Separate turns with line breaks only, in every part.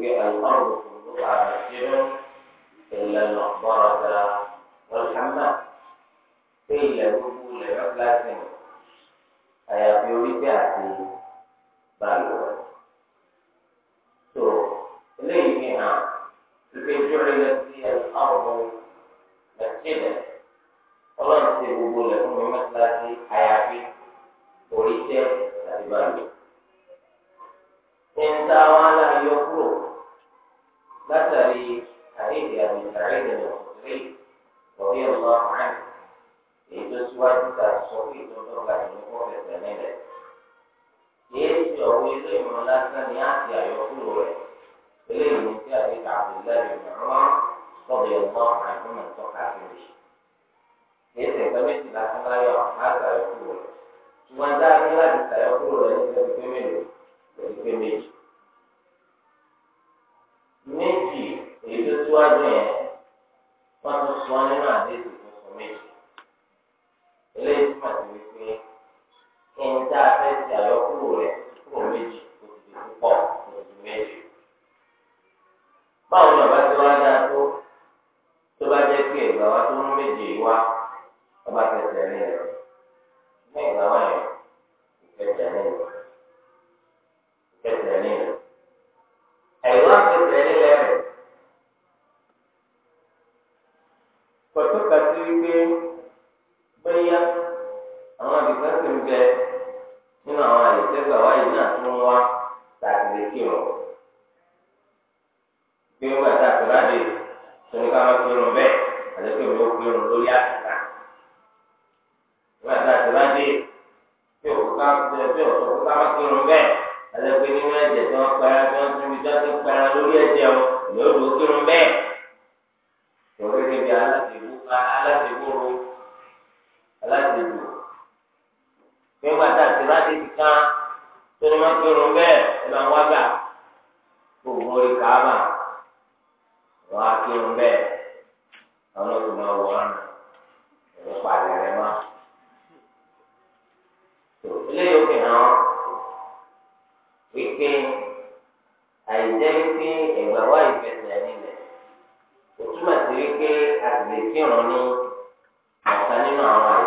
والأرض قطعة جبل إلا المقبرة والحمام إلا دخول عقلة أي في وجهة بالغة تو إليه هنا لكي جعلت لي الأرض مسجدا ọlọ́run ti gbogbo rẹ̀ fún mi mẹ́tíláṣí àyàfi orí tẹ́ àti bàmí. ẹ̀ńtà wọn aláyọ kúrò مثل حديث أبي سعيد الخدري رضي الله عنه إذا سويت الصحيح تطلع النقود الثمانية يجي أو يجي من الأسلام يأتي يقول له إليه من كتاب عبد الله بن عمر رضي الله عنهما توقع فيه يجي كمية الأسلام يأتي يقول له ثم ذاك لا يستيقظ ولا يستيقظ منه ويستيقظ méjì èyí tó síwájú yẹn wọ́n tún sọ nínú àdéhùn tó sọ méjì eléyìí tó máa wí pé kí n dá abẹ́ ti àyọkúrò rẹ̀ kúrò méjì púpọ̀ méjì. báwo ni ọba tí wọ́n á tó tó bá jẹ́ pé ọba mú wá láti lè kírun bí wọn gbà tá a pèlú àdé sọni ká má kírun bẹ́ẹ̀ àti pé mi ò kírun lórí àtìkà wọn gbà tá a pèlú àdé bí òkú ká bí òkú ká má kírun bẹ́ẹ̀ àti pé nínú ẹ̀jẹ̀ tí wọn pẹran tí wọn tún fi dá sí pẹran lórí ẹ̀jẹ̀ o yóò dùn kírun bẹ́ẹ̀ lórí níbi alátìwú bí wọn gbà tá a pèlú ti kán tó ní máa ń pèrò bẹ́ẹ̀ ẹ máa ń wá gbà gbogbo orí kàámà wọn á kírun bẹ́ẹ̀ àwọn ọ̀dọ́ máa wọ̀ ọ́n ẹ̀rọ pàdé rẹ̀ má. eléyìí ó fi hàn án wípé
àìjẹ́ wípé ẹ̀gbà wá
ìfẹsẹ̀ nílẹ̀ ó túmọ̀ sí wípé a sì lè kírun
nínú àwọn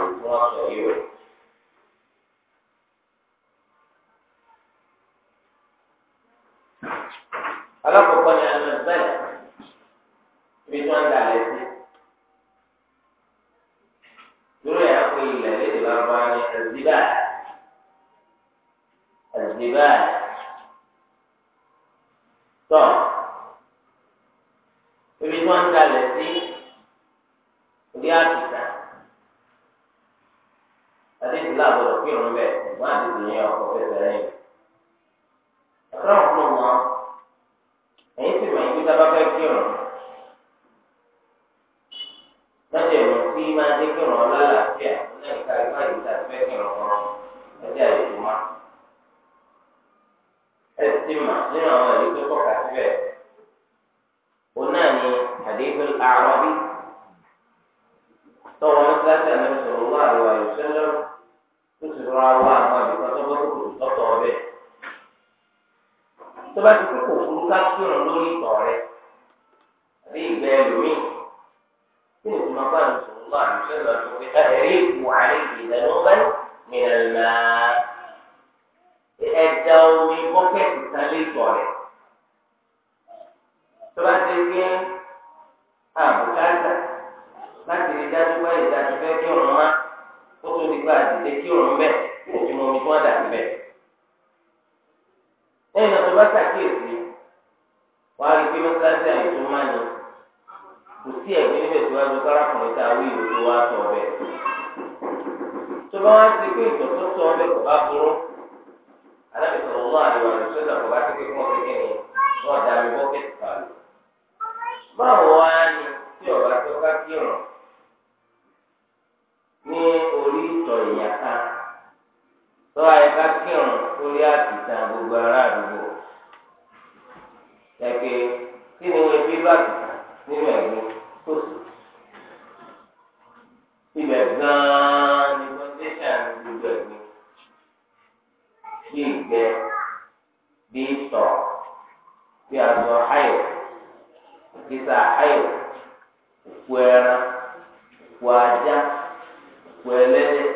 ẹlẹ́dẹ̀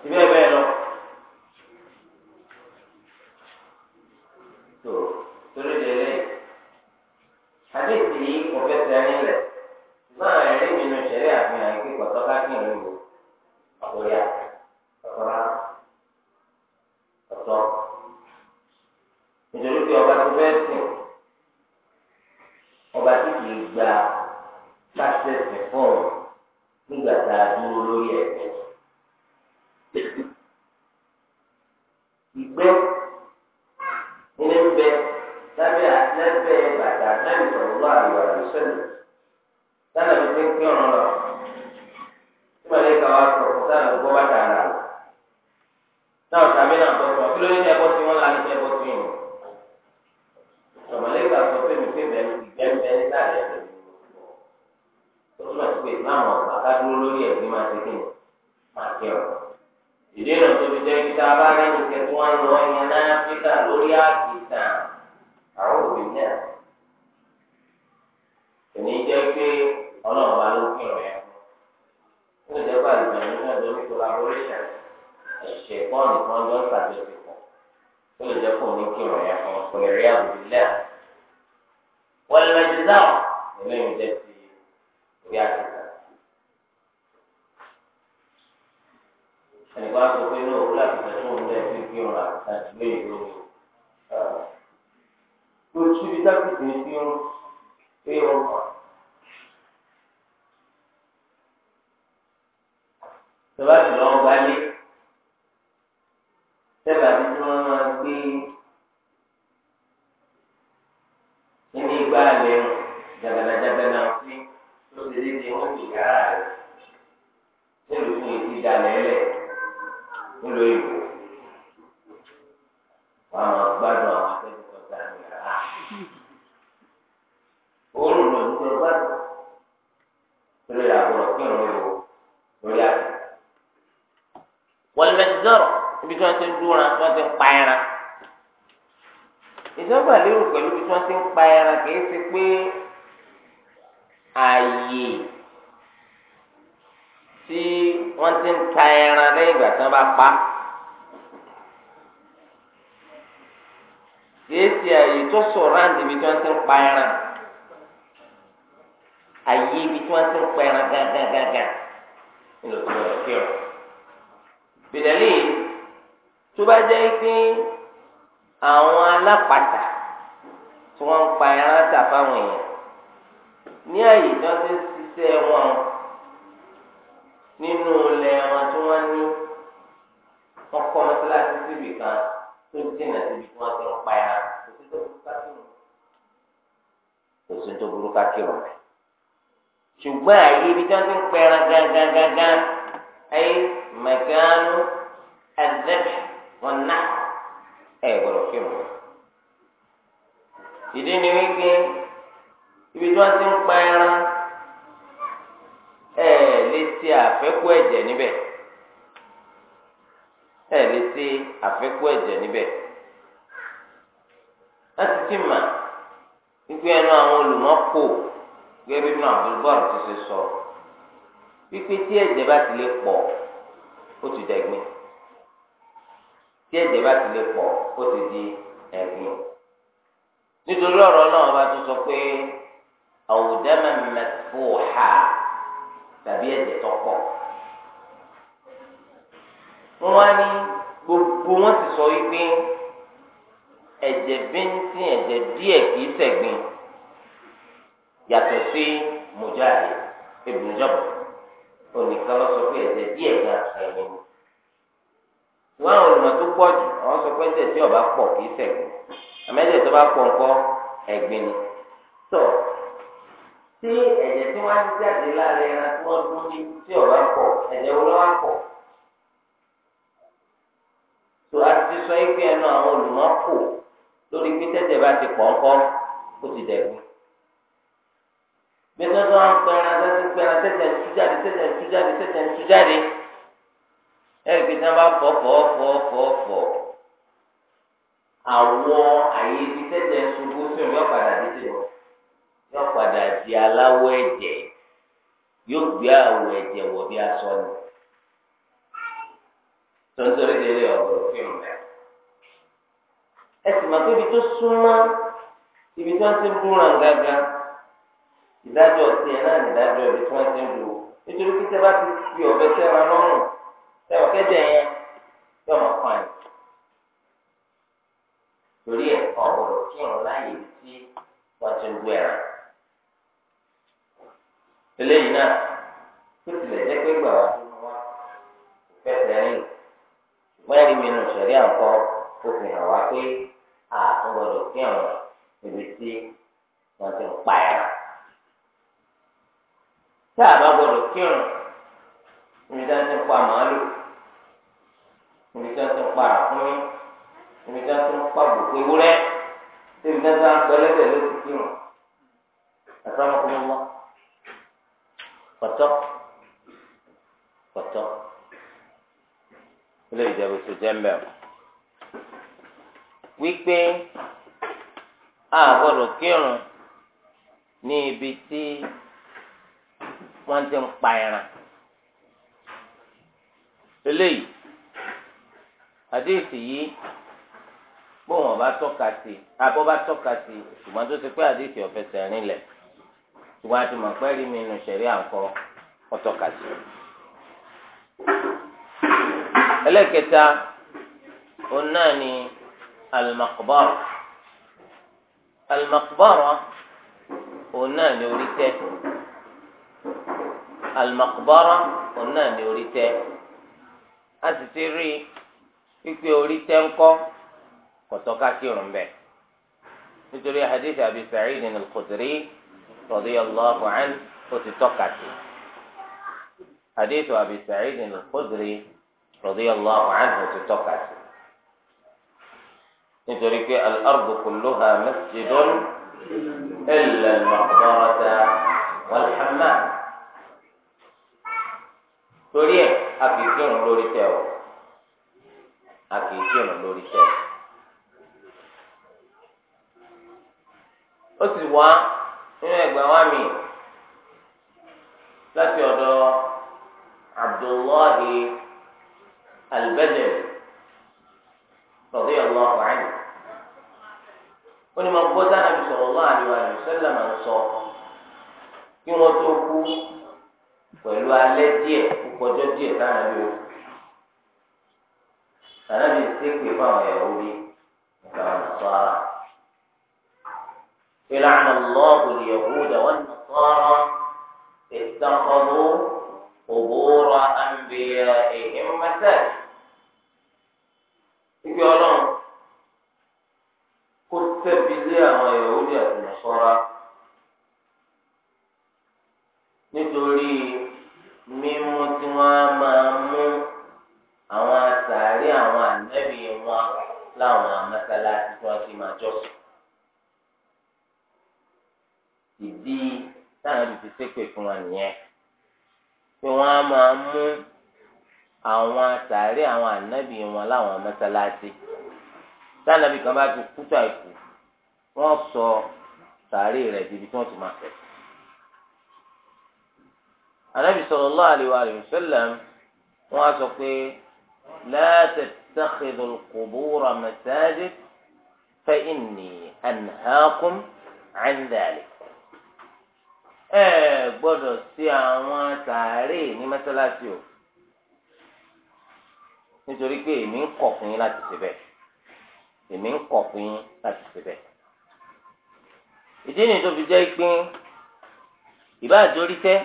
síbẹ̀ bẹ́ẹ̀. kìí ṣe àyè tó sọ̀rọ̀ àǹdí ibi tí wọ́n ti ń pa ẹran àyè ibi tí wọ́n ti ń pa ẹran gágágágá ńlọ tó lọ kí ọ. bìdẹ̀lì tó bá jẹ́ pé àwọn alápàtà tí wọ́n ń pa ẹran tà fáwọn èèyàn ní àyè tí wọ́n ti ń ṣiṣẹ́ wọn nínú ilẹ̀ wọn tí wọ́n ní wọ́n kọ́ mọ́tíláṣí síbì kan tó dínà síbi tí wọ́n ti ń pa ẹran kò sí tó burú ká kírun kò sí tó burú ká kírun ṣùgbọ́n àyè ibi tí wọ́n ti ń pa ẹran gángangángan ayé mẹ̀gánú ẹ̀dẹ́bẹ̀ wọn ná ẹ̀ gbọ́dọ̀ kírun ìdí ni wípé ibi tí wọ́n ti ń pa ẹran ẹ̀ lè ti àfẹ́kù ẹ̀jẹ̀ níbẹ̀ ẹ lè ṣe àfẹ́kù ẹ̀jẹ̀ níbẹ̀ láti ti mà wípé ẹnu àwọn olùmọ́kò gẹ́gẹ́ bí nínú àbúrúbọ̀rù ti ṣe sọ wípé tí ẹ̀jẹ̀ bá ti lè pọ̀ ó ti dẹ̀gbin tí ẹ̀jẹ̀ bá ti lè pọ̀ ó ti di ẹ̀gbin nítorí ọ̀rọ̀ náà bá tún sọ pé àwùjọ mẹ́mẹ́tò hà tàbí ẹ̀jẹ̀ tó pọ̀ wọ́n wá ní gbogbo wọn ti sọ wípé ẹ̀jẹ̀ bíntín ẹ̀jẹ̀ díẹ̀ kìí ṣẹ̀gbin yàtọ̀ sí mujahid ibn jabr onìkan lọ sọ pé ẹ̀jẹ̀ díẹ̀ gan ẹ̀gbin wọn àwọn olùmọ̀ tó pọ̀ jù àwọn sọ pé ẹ̀jẹ̀ tí ọba pọ̀ kìí ṣẹ̀gbin àmẹ́jẹ̀ tó bá pọ̀ nǹkan ẹ̀gbin ni tọ̀ tí ẹ̀jẹ̀ tí wọ́n á jáde lára ẹran tí wọ́n dún ní tí ọba pọ̀ ẹ̀jẹ̀ wọn lọ́wọ́ pọ̀ tó a ti sọ yìí pé ẹnu àwọn olùmọ́kò lórí pé tẹ́tẹ̀ bá ti pọ̀ ńkọ́ ó ti dẹ̀gbẹ́. bí wọ́n tó ń pẹran tẹ́tẹ̀ pẹran tẹ́tẹ̀ ń tújáde tẹ́tẹ̀ ń tújáde tẹ́tẹ̀ ń tújáde ẹ̀rí pé tí wọ́n bá fọ́ fọ́ fọ́ fọ́ fọ́ àwọn àyè ibi tẹ́tẹ̀ ń ṣubú sí òun yóò padà dé sí wọn yóò padà di aláwọ̀ ẹ̀jẹ̀ yóò gbé àwọ̀ ẹ̀jẹ̀ wọ̀ bí aṣọ ni tọ́ntorí délé ọ̀gbọ̀n fíìmù rẹ̀.
ẹ sì máa tóbi tó súnmọ́
ibi tí wọ́n ti ń búra gángan ti ẹ̀ náà ìdájọ́ ibi tí wọ́n ti ń nítorí pé tẹ́lá ti fi ọ̀bẹ sẹ́ra lọ́rùn sẹ́wọ̀n kẹ́jẹ́ yẹn yọ̀ mọ́ fún ẹ̀. torí ẹ̀ ọ̀gbọ̀n fíìmù láàyè tí wọ́n ti ń lu eléyìí náà tó tilẹ̀ jẹ́ pé gbà wá tó wá fẹsẹ̀ mẹ́rin mi nù sẹ̀rí àǹkọ́ òfin hàn wá pé àtúngbọ̀dọ̀ fi hàn ibi tí wọ́n ti ń pa ẹ̀rọ. tá a bá gbọdọ̀ kírun níbi tí wọ́n ti ń pa màálù níbi tí wọ́n ti ń pa àkúnmí níbi tí wọ́n ti ń pa gbòkó ewúrẹ́ níbi tí wọ́n ti ń pa ẹlẹ́dẹ̀ ló ti kírun. àtàwọn ọkùnrin wọn pọ̀tọ́ pọ̀tọ́ ilé ìjẹun tó jẹ́ mbẹ́ o wípé a gbọ́dọ̀ kírun ní ibi tí wọ́n ti ń pa ẹran eléyìí àdéhìsì yìí bó wọn bá tọ́ka sí abọ́ bá tọ́ka sí ṣùgbọ́n tó ti pé àdéhìsì ọ̀fẹ́ sẹ́rin ṣùgbọ́n a ti mọ̀ pé rí mi nù sẹ̀rí à ń sí ẹlẹ́kẹta òun náà ni alimakubara alimakubara òun náà ni orí tẹ alimakubara òun náà ni orí tẹ a sì ti rí pípé orí tẹ ńkọ kọtọka kírun bẹ nítorí hadith abi sa'id al-khudri radiyallahu anhu ó ti tọ́ka sí hadith abi sa'id al-khudri radiyallahu anhu ti tọ́ka sí nítorí pé al-ardu kulluha masjidun illa al-maqbarata wal-hammam torí ẹ̀ a kì í kírun lórí tẹ o a kì í kírun lórí tẹ ó sì wá nínú ẹgbẹ́ wa mi láti ọ̀dọ̀ abdullahi. البدر رضي الله عنه ولما قلت النبي صلى الله عليه وسلم انصار kí wọn tó kú pẹ̀lú alẹ́ díẹ̀ kọjọ́ díẹ̀ sáànàbí o sáànàbí ṣépè fáwọn ẹ̀rọ orí ìgbàlá nàṣọ́ra ìlà ànàlọ́ọ̀bù lìyẹ̀wòdà wọn nàṣọ́ra ìtàkọ́dọ̀ òbóra àǹbẹ̀yà èèyàn mẹ́tẹ́ẹ̀sì. ìgbé ọlọ́run kó tẹ̀bi lé àwọn Yahudi àti Nasara nítorí mímú tí wọ́n máa mú àwọn àtàrí àwọn ànẹ́bí wọn láwọn amásálásí tí wọ́n ti máa jọ́sìn. ìdí táwọn ibi ti fún wọn nìyẹn pé wọ́n máa mú. àwọn sàárè àwọn ànábì wọn láwọn mọ́sálásí sànàbì kan bá ti kútó àìkú wọ́n sọ sàárè rẹ̀ débi tí wọ́n ti máa fẹ̀. ànábì sallallahu alaihi wa sallam wọ́n á sọ pé la tattakhidhu al-qubura masajid fa inni anhaakum ẹ gbọ́dọ̀ sí àwọn sàárè ní mọ́sálásí o nítorí pé èmi ń kọ̀ fún yín láti ṣe bẹ́ẹ̀ èmi ń kọ̀ fún yín láti ṣe bẹ́ẹ̀. ìdí nìyí tó fi jẹ́ pé ìbá àjórí tẹ́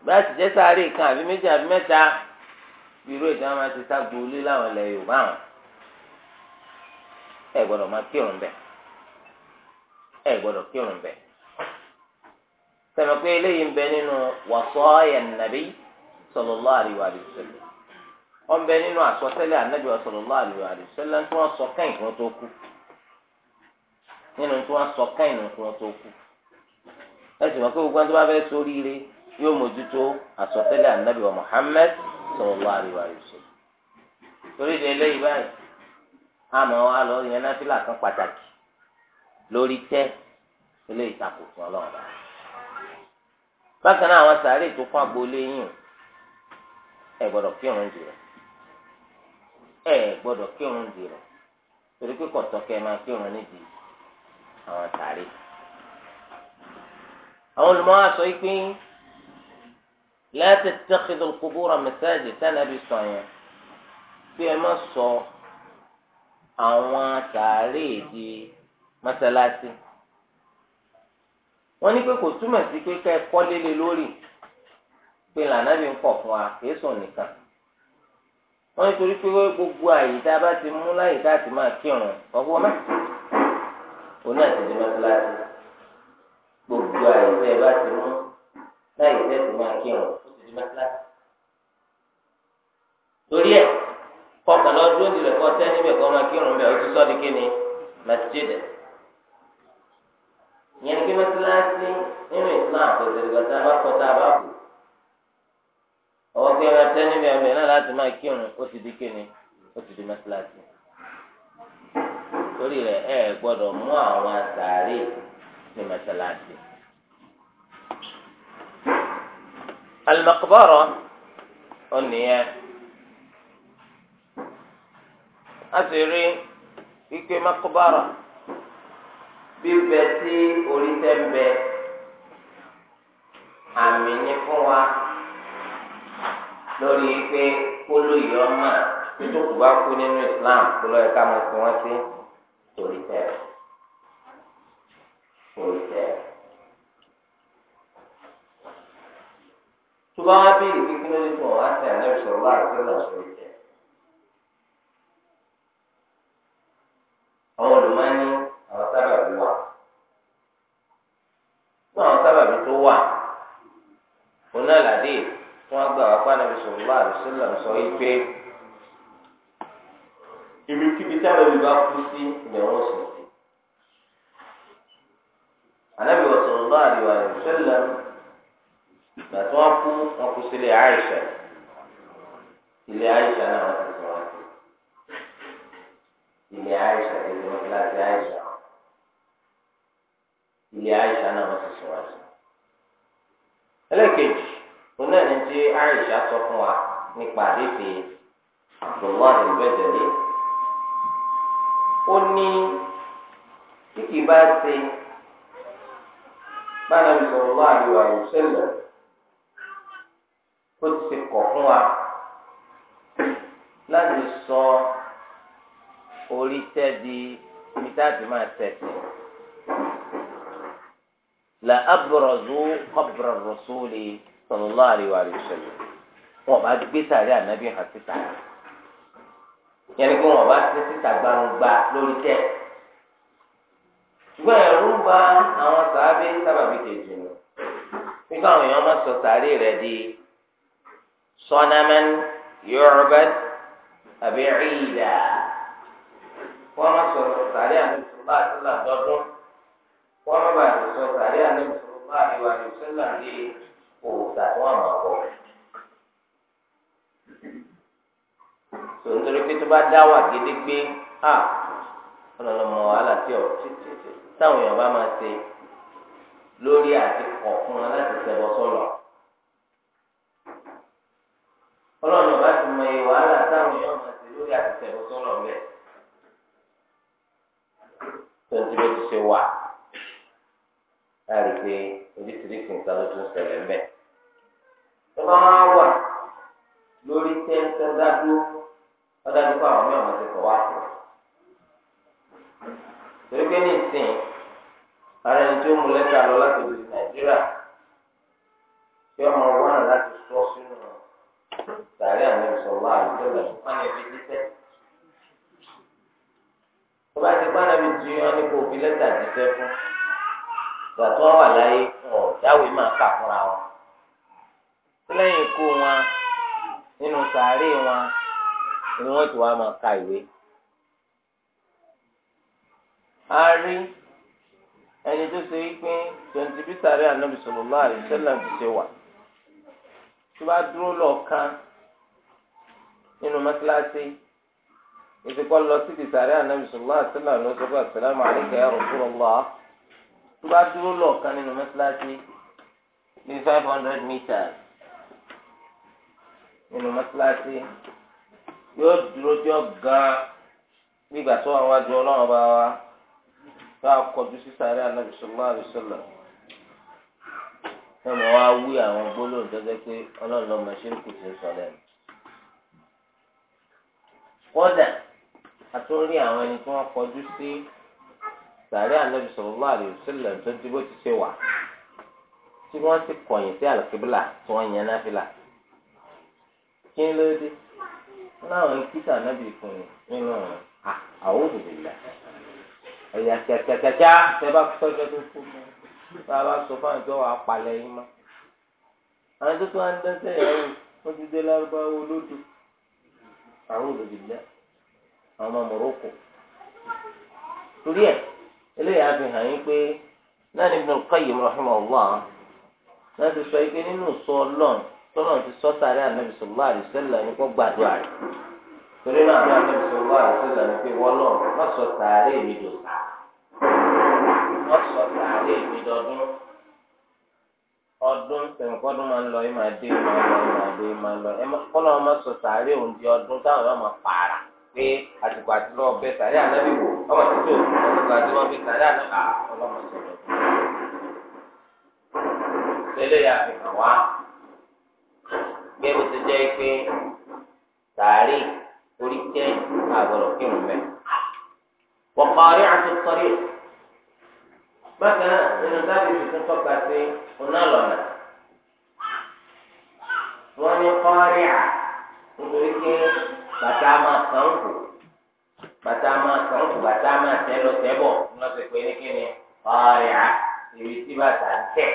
ìbá àtijẹ́ sáré kan àbí méjì àbí mẹ́ta irú ìjà máa ti ságo ilé láwọn ilẹ̀ Yorùbá wọn ẹ gbọ́dọ̀ máa kírun bẹ́ẹ̀ ẹ gbọ́dọ̀ kírun bẹ́ẹ̀ sẹ́mi pé eléyìí ń bẹ nínú wàsó ẹ̀yẹ̀ nàbí sallallahu alaihi wa sallam. wọn bẹ nínú àsọtẹ́lẹ̀ anabi sallallahu alaihi wasallam tí wọn sọ ka kí wọn tó kú nínú tí wọn sọ kẹ́yìn kí wọn tó kú ẹsìn wọn pé gbogbo ẹni tó bá fẹ́ sórí ire yóò mójútó torí eléyìí báyìí yẹn náà fílà kan pàtàkì lórí tẹ eléyìí takò fún Ọlọ́run báyìí bákan náà àwọn sàárè tó agboolé yìí ẹ ẹ gbọ́dọ̀ kírun dì rẹ̀ torí pé kọ̀tọ́kẹ́ máa kírun níbi àwọn tàrí. àwọn olùmọ̀ wa sọ pé láti tẹ́kìdùn kúbúrà mẹ́sáàgì tánàbí sọ yẹn pé ẹ má sọ àwọn tàrí di mọ́sálásí wọ́n ní pé kò túmọ̀ sí pé ká ẹ kọ́lé lé lórí pé lànà bí ń pọ̀ fún wa kì í sùn nìkan wọ́n nítorí pé gbogbo àyè tá a bá ti mú láyè tá a ti máa kírun ọgbọ́n mẹ́ òun náà ti di mọ́tíláṣí
gbogbo àyè tẹ́ ẹ bá ti mú
láyè tẹ́ ti máa kírun ó ti di mọ́tíláṣí. torí ẹ kọkàn lọ dúró níbẹ̀ kọ́ tẹ́ níbẹ̀ kọ́ máa kírun bẹ́ẹ̀ ó ti sọ́ di kí ni màtíjìdẹ̀. ìyẹn ní kí mọ́tíláṣí nínú ìsìláàmù kò tẹ̀lé gbàtà bá kọ́ tá a bá kù. ọwọ́ pé ẹran tẹ́ níbi àmì náà láti máa kírun ó ti di kíni ó ti di mẹ́sàlásì torí rẹ̀ ẹ gbọ́dọ̀ mú àwọn àtàrí sí mẹ́sàlásì. alimakubọrọ ọnìyẹn a sì rí ike makubọrọ bíbẹ tí orí tẹ ń bẹ àmì lórí pé kólóyè ọmọ tó kù bá kú nínú Islam tó lọ́ọ́ ká mọ̀ sí wọ́n sí torí tẹ̀ torí tẹ̀. tó bá wá bí ìpínpín lórí fún ọ̀hún àti ànábì sọ̀rọ̀ láàrín tó lọ́ọ́ tẹ̀. àwọn olùmọ̀ ní. gbà wá pé anabi sallallahu alaihi wasallam sọ yìí pé ibi kíbi tí anabi bá kú sí ibẹ̀ wọ́n sùn sí. anabi sallallahu alaihi wasallam gbà tí wọ́n kú wọ́n kú sílé Aisha ilé Aisha náà wọ́n ti sọ wọ́n sí ilé Aisha ilé wọn kíláàsì Aisha ilé Aisha náà wọ́n ti sọ wọ́n sí. ẹlẹ́kejì òun náà ní tí Aisha sọ fún wa nípa àdéhùn Abdullahi Al-Bajali ó ní tí kì bá ṣe báyìí ní sọ̀rọ̀ wá àríwá ìṣẹ̀lẹ̀ ó ti kọ̀ fún wa láti sọ orí tẹ́ di ibi tá a ti máa tẹ̀sí. لأبرزوا قبر الرسول sallallahu alaihi wa sallam wọn bá gbé sàrí ànábì hàn síta yẹn ni pé wọn bá sí síta gbangba lórí tẹ ṣùgbọ́n ẹ̀rú ń ba àwọn sàábé sábàbí kejì nù bí káwọn èèyàn máa sọ sàrí rẹ̀ di sọ́námẹ́n yorùbá àbí ìlà wọ́n máa sọ sàrí ànábì sọ̀rọ̀ bá àti làdọ́dún wọ́n sọ sàrí ànábì sọ̀rọ̀ bá àti wàdí òòsà tí wọ́n máa bọ̀. tò nítorí pé tó bá dá wà gédégbé à ọlọ́lọ́mọ wàhálà tí ọ̀ táwọn èèyàn bá máa ṣe lórí àti kọ̀ fún ṣẹbọ sọ̀rọ̀. ọlọ́run ọba ti mọ iye wàhálà táwọn èèyàn máa ṣe lórí àti ṣẹbọ sọ̀rọ̀ bẹ́ẹ̀. tó ń tibẹ́ ti ṣe wà. láàrin pé oríṣiríṣi nǹkan ló tún ṣẹlẹ̀ mẹ́. tó bá wà lórí tẹ́ńtẹ́ dádúró ọ̀dájú pé àwọn mẹ́wàá ti kọ̀ wá sí i. torí pé ní ìsìn ara ọmọ wa láti sọ sínú tàrí àmì ìsọ̀lá ní kó fi lẹ́tà jíṣẹ́ ìgbà tí wọ́n wà láyé wọn ò dáwé máa kà fúnra wọn. lẹ́yìn ikú wọn nínú sàárè wọn ni wọ́n ti wá máa ka ìwé. a rí ẹni tó ṣe pé twenty bí sàárè ànábì sallallahu alaihi wasallam ti ṣe wà. tí wàá dúró lọ́ọ̀kan nínú mọ́tíláṣí ìsìnkọ́ lọ sí ti sàárè ànábì sallallahu alaihi wasallam lọ́sọ̀kọ̀ àṣẹlẹ̀ màálíkà ya Rasulullah tó bá dúró lọ́ọ̀kan nínú mọ́sálásí bíi five hundred meters nínú mọ́sálásí yóò dúró tí ó gan gbígbà tó wà wájú ọlọ́run bá wa tó a kọjú sí sáré ànábì sallallahu alaihi wasallam ẹ mọ̀ wá wí àwọn gbólóhùn tó jẹ́ pé ọlọ́run lọ́mọ ṣe kù sí sọ kódà a tún àwọn ẹni tí wọ́n kọjú sí. Si, sàárẹ̀ ànábì sallallahu alaihi wasallam tó ti bó ti ṣe wà tí wọ́n ti kọ̀yìn sí àlùkìbìlà tí wọ́n yẹn náà fi là kí ló dé láwọn kíkà ànábì fún mi nínú ọ̀run àwọn òbílà ẹ̀yà kẹ̀kẹ̀kẹ̀kẹ̀ tẹ bá tọ́jọ́ tó kú tá a bá sọ fáwọn ìjọ wa palẹ̀ yín mọ́ àwọn tó tó wá ń dẹ́sẹ̀ yẹn wọ́n ti dé lárúbáwá olódò àwọn òbílà àwọn ọmọ Morocco torí ẹ̀. ele ya fi hàn yín pé náà ní Ibn al-Qayyim rahimahullah náà ti sọ ike nínú sọ ọlọ́run ti sọ sáré ànábì ní kó gbàdúrà rẹ̀ torí náà ànábì ní pé sọ sáré sọ sáré ọdún máa pé àtùkọ àti lọ bẹ sàrí ànábì wò ọmọ títò àtùkọ àti sàrí ànábì à ọlọmọ sọlọ. tẹ́lẹ̀ yà fi wá pé o jẹ́ pé sàárì orí jẹ́ àgọ̀rọ̀ kí n mẹ́. wọ́pọ̀rí àti sọ́rí bàtà ma kàn ó kù bàtà máa kàn ó kù bàtà máa tẹ lọ tẹ pé bàtà ń tẹ̀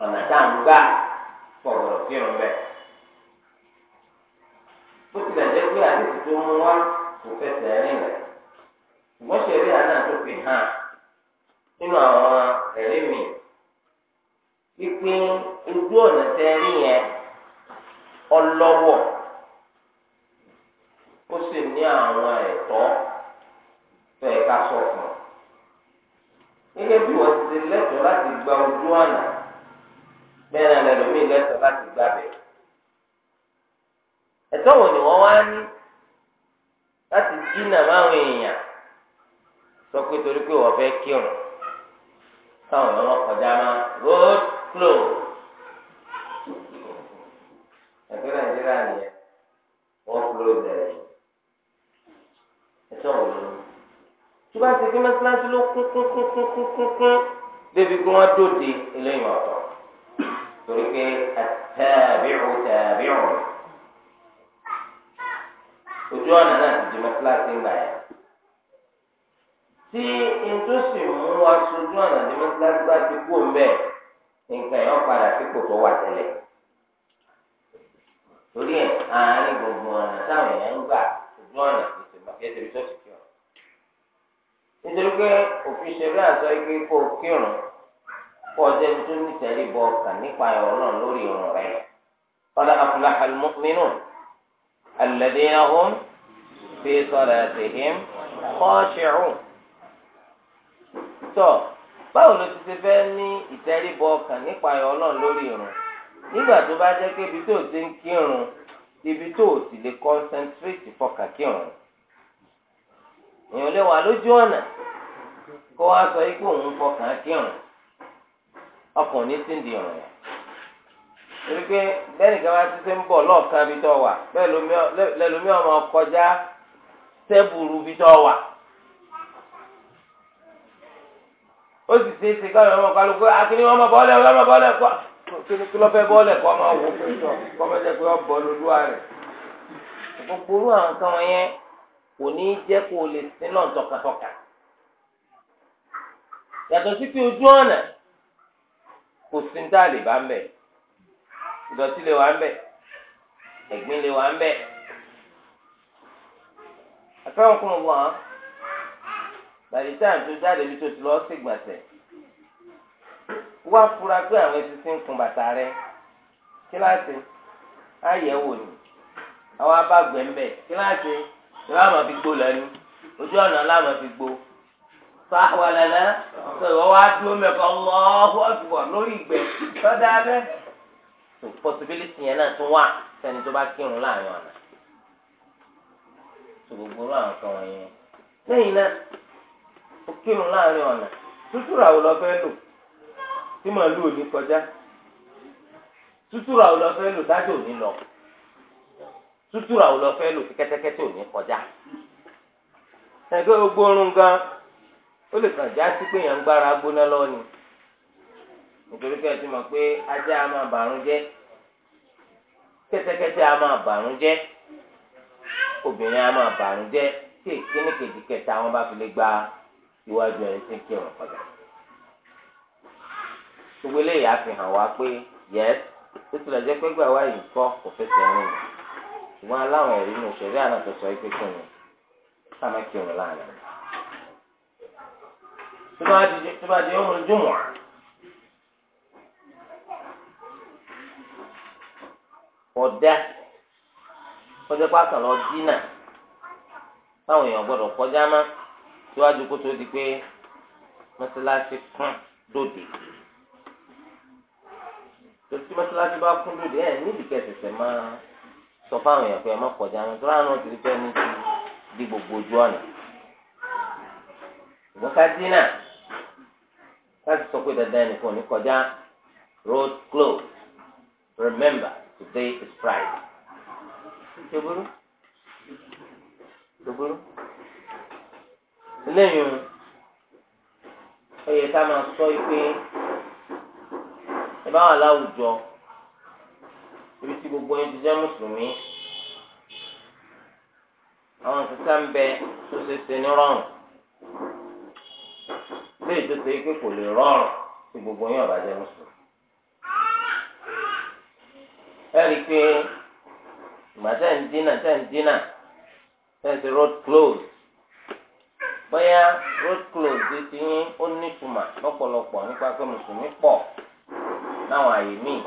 ọ̀nà tá à ń gbà pọ̀ gbọ̀dọ̀ sí irun bẹ́ẹ̀. bó pé àdéhùn tó mú wá kò fẹsẹ̀ rìn ọ̀nà tẹ́ ó sì ní àwọn ẹ̀tọ́ tó ẹ̀ka sọ fún un gẹ́gẹ́ bí wọ́n ti lẹ́tọ̀ọ́ láti gba ojú ọ̀nà bẹ́ẹ̀ náà lẹ́lòmíì lẹ́tọ̀ọ́ láti gba bẹ̀. ẹ̀tọ́ wo ni wọ́n wá ní láti dínà máwọn èèyàn sọ pé torí pé wọ́n fẹ́ kírun táwọn èèyàn wọn kọjá máa road close ẹgbẹ́ nàìjíríà nìyẹn wọ́n close ẹ̀ ẹ̀sán wò ló tó bá ti fi mẹ́sàlásí ló kún kún kún kún kún kún kún débi kí wọ́n dòde eléyìí ọ̀tọ̀ torí pé ojú ọ̀nà náà ti di mẹ́sàlásí ńgbà yẹn tí ntòsí mú wa sojú ọ̀nà ní mẹ́sàlásí bá ti kú nǹkan yẹn padà kìí ṣe ibi tó ti kírun nítorí pé òfin ṣeré àtọ igi kó o kírun kó o jẹ́ ibi tó ní ìtẹ̀lé bọ ọkàn nípa ọ̀rọ̀ náà lórí ìrùn rẹ̀ qad aflaha al-mu'minun alladhina hum fi salatihim khashi'un tọ́ báwo ló ti ṣe fẹ́ ní ìtẹ̀lé bọ ọkàn nípa ọ̀rọ̀ náà lórí ìrùn nígbà tó bá jẹ́ pé ibi tó ti ń kírun ibi tó ti lè concentrate fọkàn kírun. èèyàn lè wà lójú ọ̀nà kó wá sọ pé òun fọkàn kírun ọkùnrin ní síndì ọ̀rọ̀ yẹn torí pé bá ti ṣe ń bọ̀ lọ́ọ̀kan bí wà bẹ́ẹ̀ lẹ́lómi ọmọ kọjá tẹ́bùrù bí tọ́ wà. ó sì ṣe é ṣe káwọn ọmọ kan ló pé ọmọ kọ́ kí ló fẹ́ kọ́ wò kọ́ pé ọ bọ́ọ̀lù olúwa rẹ̀ kò ní jẹ́ kó o lè sin náà tọkàtọkà yàtọ̀ sí pé ojú ọ̀nà kò sí tá a lè bá ń bẹ̀ ìdọ̀tí lè wà ń bẹ̀ ẹ̀gbin lè wà ń bẹ̀ àfẹ́wọ̀n kún un wọ́n bàdí tá à ń tó jáde bí tó ti lọ́ọ́ ṣègbọ̀nsẹ̀ wá fura pé àwọn ẹsẹsẹ ń kun bàtà rẹ kíláàsì ayẹ̀wò ni àwọn abágbẹ̀ ń bẹ̀ kíláàsì. láàmà fi gbó lẹ́nu ojú ọ̀nà láàmà fi gbó fáwọn lẹ́nà sọ̀rọ̀ wá dúró mẹ́kọ̀ lọ́wọ́ ọ̀dùwọ̀ lórí ìgbẹ́ lọ́dà abẹ́. so possibility yẹn náà tún wà sẹ́ni tó bá kírun láàrin ọ̀nà gbogbo kan wọ̀nyẹn. lẹ́yìn náà ó kírun láàrin ọ̀nà tútùrà ò lọ fẹ́ lò sí kẹ́tẹ́kẹ́tẹ́ ò ní kọjá ẹgbẹ́ gbogbo oorun gan ó lè kàn já sí pé èèyàn ń gbára gbóná lọ́ni nítorí pé ẹ ti mọ̀ pé ajá a máa bàrún jẹ́ kẹ́tẹ́kẹ́tẹ́ a máa bàrún jẹ́ obìnrin a máa bàrún jẹ́ tí ìkíní kejì kẹta wọn bá fi lè gba iwájú ẹni tí ń kí ọ̀rọ̀ kọjá gbogbo eléyìí á fi hàn wá pé yẹ ó tilẹ̀ jẹ́ pé gbàgbá yìí kọ́ kò fẹsẹ̀ rìn ṣùgbọ́n aláwọn ẹ̀rí nù ṣẹ̀rí àná tó sọ pé kí ni sáàmà kí òun láàrin. tó bá di ọmọ jùmọ̀ à. ọ̀dà kọjá pàtàkì lọ dínà táwọn èèyàn gbọ́dọ̀ kọjá má síwájú kó tó di pé mọ́sálásí kún dòde tó tí mọ́sálásí bá kún dòde ẹ̀ nídìí kẹsẹ̀sẹ̀ máa sọ fáwọn èèyàn pé ẹ má kọjá ní tóra náà ti rí pé ẹni ti di gbogbo ojú ọ̀nà ìgbọ́n ká dínà láti sọ pé dandan ẹnìkan ò ní kọjá road closed remember today is Friday ṣògbóró ṣògbóró lẹ́yìn ó yẹ ká máa sọ pé ẹ bá wà láwùjọ ibi tí gbogbo yín ti jẹ́ mùsùlùmí àwọn ìtúta ń bẹ tó ṣe ṣe ní rọrùn léyìí tó ṣe pé kò lè rọrùn tí gbogbo yín ọ̀bà jẹ́ mùsùlùmí. ẹ rí i pé ìgbà tẹ́ ń dínà tẹ́ ń dínà tẹ́ ń ṣe road close bóyá road close ti ti yín ó nítumà lọ́pọ̀lọpọ̀ nípa pé mùsùlùmí pọ̀ láwọn àyè míì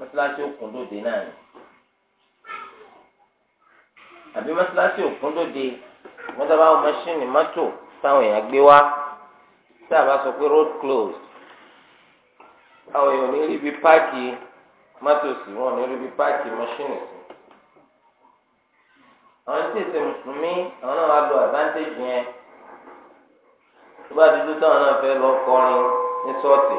mọ́sálásí òkun lóde náà ni àbí mọ́sálásí òkun lóde wọ́n dábàá àwọn mọ́ṣíìnì mọ́tò táwọn èèyàn gbé wá tí a bá sọ pé road closed àwọn èèyàn ní ibi páàkì mọ́tò sí wọn ní ibi páàkì mọ́ṣíìnì sí àwọn tí ìsìn mùsùlùmí àwọn náà wá lo advantage yẹn tó bá dúdú táwọn náà fẹ́ lọ kọrin ní sọ́ọ̀tì.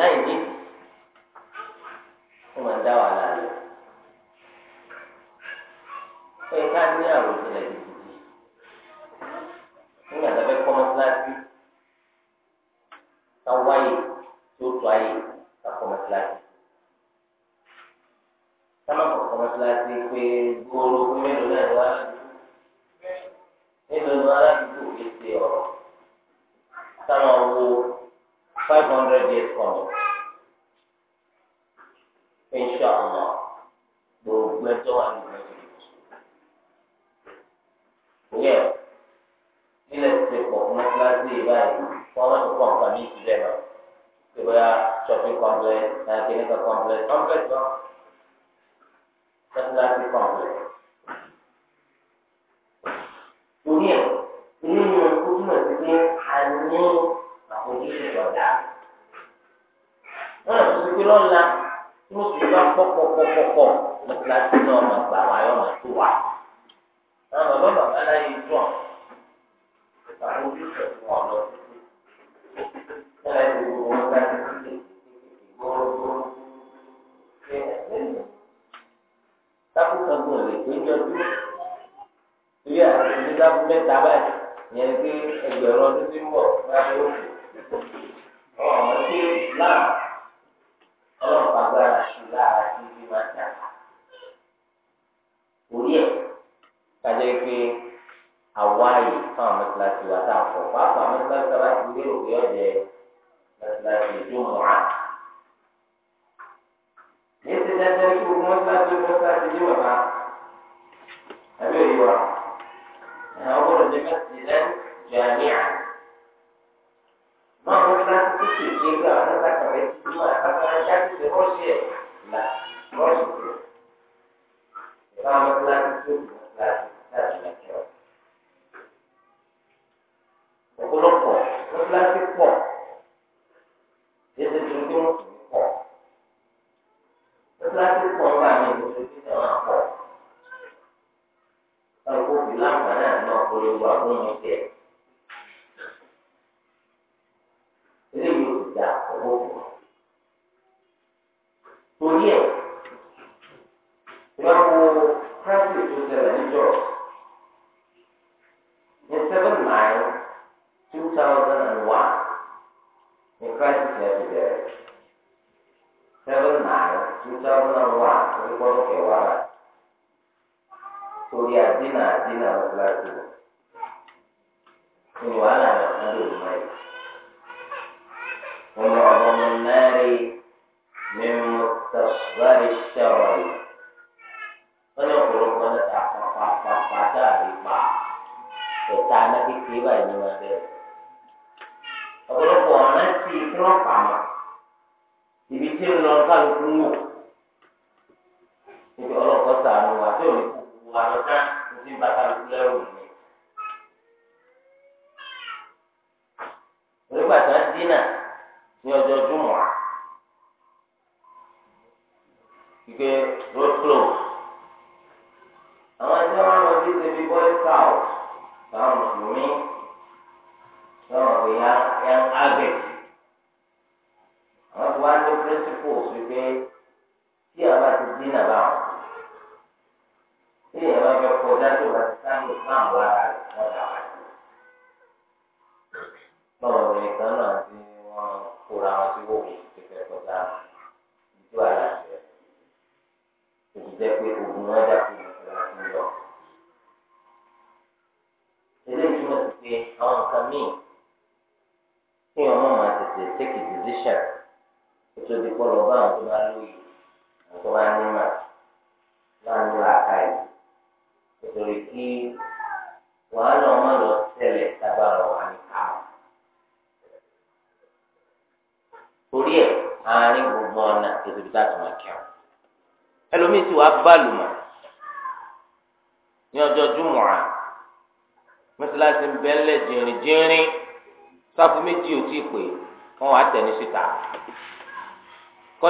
láì ní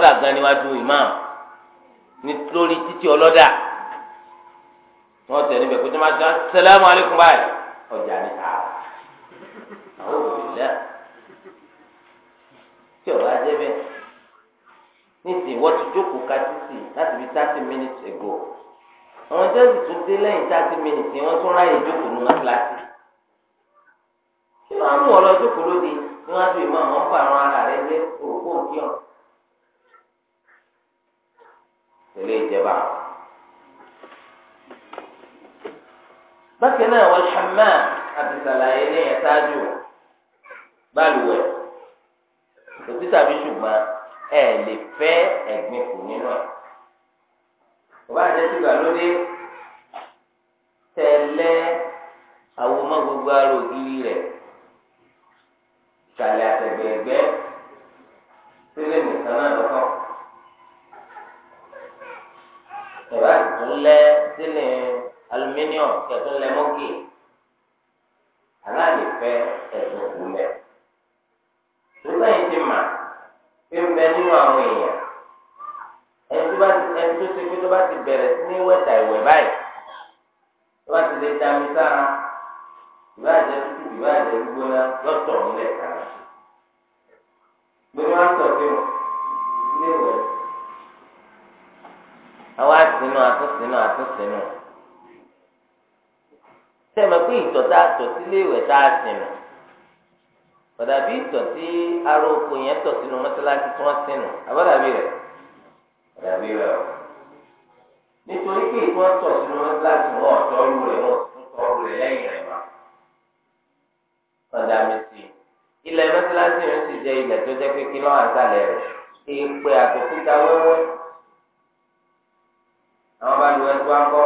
kódà gan níwájú imam ní lórí títí ọlọ́dà wọ́n tẹ̀ níbẹ̀ kójú máa dán sẹlẹ̀mù alẹ́kùn báyìí ọjà ní ta àwọn òbí lẹ́ tí ọba jẹ́ bẹ́ẹ̀ nísìnyí wọ́n ti jókòó ká títì láti fi thirty minutes ago àwọn jẹ́sì tún dé lẹ́yìn thirty minutes ni wọ́n tún ráyè jókòó nù wọn kíláàsì kí wọ́n á mú ọ̀rọ̀ jókòó lóde ni wọ́n á fi mọ àwọn ń pa àwọn ara rẹ̀ jẹ́ òkú òkú ọ̀rọ̀. ilé بكنا والحمام أبي wọ́n ṣàmà àti sàlàyé lẹ́yìn ṣáájú báàlùwẹ̀ òtí tàbí ṣùgbọ́n ẹ lè fẹ́ ẹ̀gbin kù nínú ẹ̀. bàbá àjẹsí gbàlódé tẹ̀lé àwọn ọmọ gbogbo ara ògiri rẹ̀ ìsàlẹ̀ àtẹ̀gbẹ̀gbẹ́ sílẹ̀ nìkan náà lọ́kàn. ẹ̀rọ àtún lẹ sílẹ̀ alumíníọ̀m kẹtún lẹ mọ́kì aláàlẹ́fẹ́ ẹ̀sùn kù lẹ̀. Ṣùgbọ́n ẹ̀yin ti mà pé ń bẹ nínú àwọn èèyàn ẹni tó ṣe pé tó bá ti bẹ̀rẹ̀ sí ní wẹ̀tà ìwẹ̀ báyìí tó bá ti lè dami sára ìbá àjẹ tútù ìbá àjẹ gbígbóná lọ́tọ̀ nílẹ̀ kan. Gbẹ̀mí wá sọ fún ilé ìwẹ̀ àwọn àtìnú àtúnṣinú àtúnṣinú sẹ́mi pé ìtọ̀ tá a tọ̀ sílé ìwẹ̀ tá a sìnù ọ̀dàbí ìtọ̀ tí ara oko yẹn tọ̀ sínú mọ́sálásí tí wọ́n sìnù àbọ̀dàbí rẹ̀ ọ̀dàbí rẹ̀ ọ̀ nítorí pé ìtọ̀ tọ̀ sínú mọ́sálásí wọn ọ̀tọ̀ ọ̀rù rẹ̀ wọn tún tọ̀ ọ̀rù rẹ̀ lẹ́yìn rẹ̀ mọ́ ọ̀dà mi sí ilẹ̀ mọ́sálásí rẹ̀ sì jẹ́ ilẹ̀ tó jẹ́ pé kí lọ́wọ́ àtàlẹ̀ rẹ̀ àwọn bá lu ẹtú akọ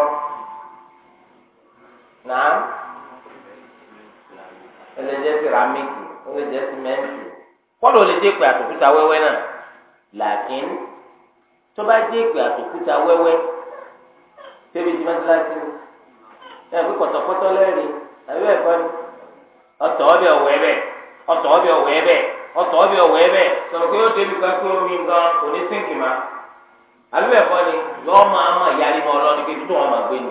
náà ẹlẹjẹ siramiki ẹlẹjẹ simẹnti kọlọ lè dé pé àtòkúta náà làákín tó bá dé pé àtòkúta tẹbi tí wọn ti láti ẹ pé pọtọpọtọ lẹrin àbí ẹkọ ni ọtọ ọbẹ ọwẹ bẹ ọtọ ọbẹ ọwẹ bẹ ọtọ ọbẹ ọwẹ bẹ sọlọ pé ó débi ká pé omi nǹkan àbí bẹ́ẹ̀ kọ́ ni yọ́ọ́ máa mọ̀ ìyáálé mọ́ ọlọ́ni pé tó wọn máa gbé nù.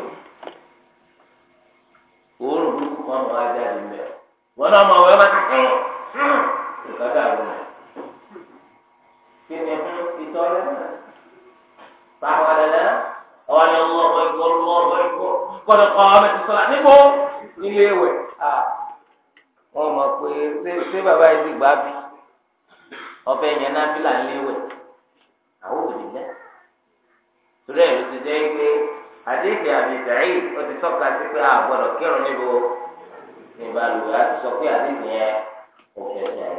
òórùn burúkú kan mọ̀ á jáde mẹ́ wọn náà mọ̀ wẹ́ẹ́ máa nǹkan dàrú rẹ̀. kí ni ìtọ́lẹ̀ náà? báwa lẹ́lẹ́ ọ̀wá ni ọlọ́wọ́ ẹ̀kọ́ ọlọ́wọ́ ẹ̀kọ́ kọ́dọ̀ kọ́ ọmọ ti sọ̀rọ̀ níbo nílé ìwẹ̀. wọ́n mọ̀ pé ṣé bàbá yìí ti gbà bí ọbẹ̀ yẹn náà bí là ń léwẹ̀. sa'id ó ti tọ́ka sí pé àgbọ̀dọ̀ kírun níbo ìbálùwẹ̀ á ti sọ pé àdéhùn yẹn kò fẹsẹ̀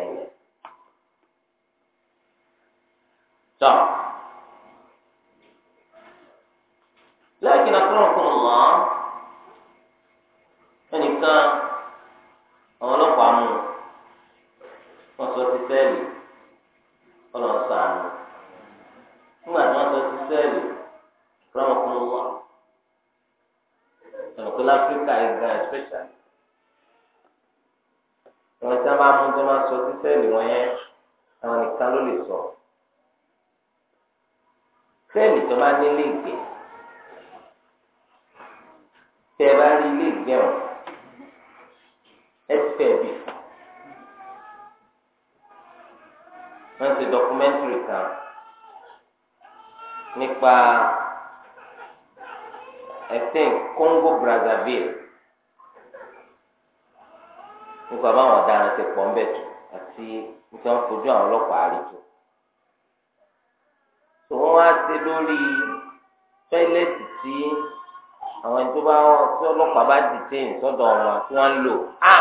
tí wọ́n ń lò á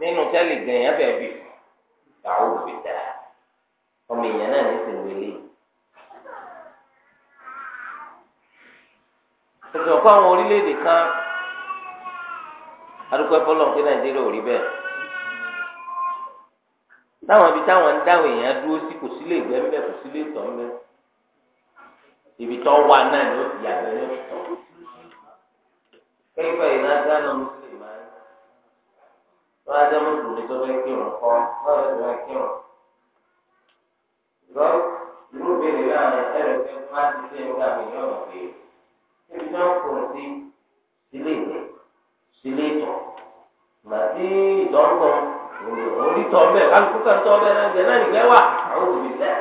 nínú tẹ́lẹ̀ gan èèyàn bì àwọn òbí dá ọmọ èèyàn náà ní sì wọlé. tuntun kọ́ àwọn èdè kan adúgbò ẹ̀fọ́lọ́ pé nàìjíríà ò rí táwọn ibi táwọn ń èèyàn dúró sí kò sílé ńbẹ kò sílé ńbẹ ní bá jẹ́ mùsùlùmí tó fẹ́ kírun kọ́ báwo ló fẹ́ kírun. ìgbọ́ irú ìbéèrè láàrin ẹ̀rọ fẹ́ fún láti ṣe nígbà mílíọ̀nù pé ibi tí wọ́n kò sí sílé ìwé sílé ìtọ̀ mà sí ìdánwò orí tọ̀ bẹ́ẹ̀ kálukú kan tọ̀ bẹ́ẹ̀ náà jẹ́ náà nìgbẹ́ wà àwọn òbí bẹ́ẹ̀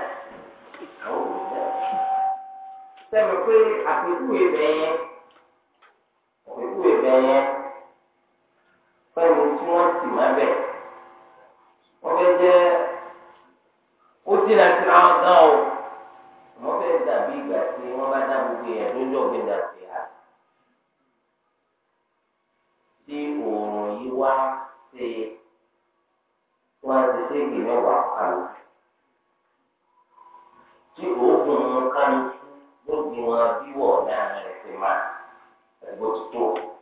àwọn òbí bẹ́ẹ̀. sẹ́mi pé àpèkúwe bẹ́ẹ̀ yẹn àpèkúwe fẹ́mi tí wọ́n sì máa bẹ̀. wọ́n fẹ́ jẹ́ ó dínà sí àwọn o wọ́n fẹ́ dàbí ìgbà tí wọ́n bá dá gbogbo yẹn lójú ọ̀gbìn dàbí ha. tí òòrùn yìí wá ṣe wá ṣe ṣéèkì mẹ́wàá tí òògùn wọn bí náà tó.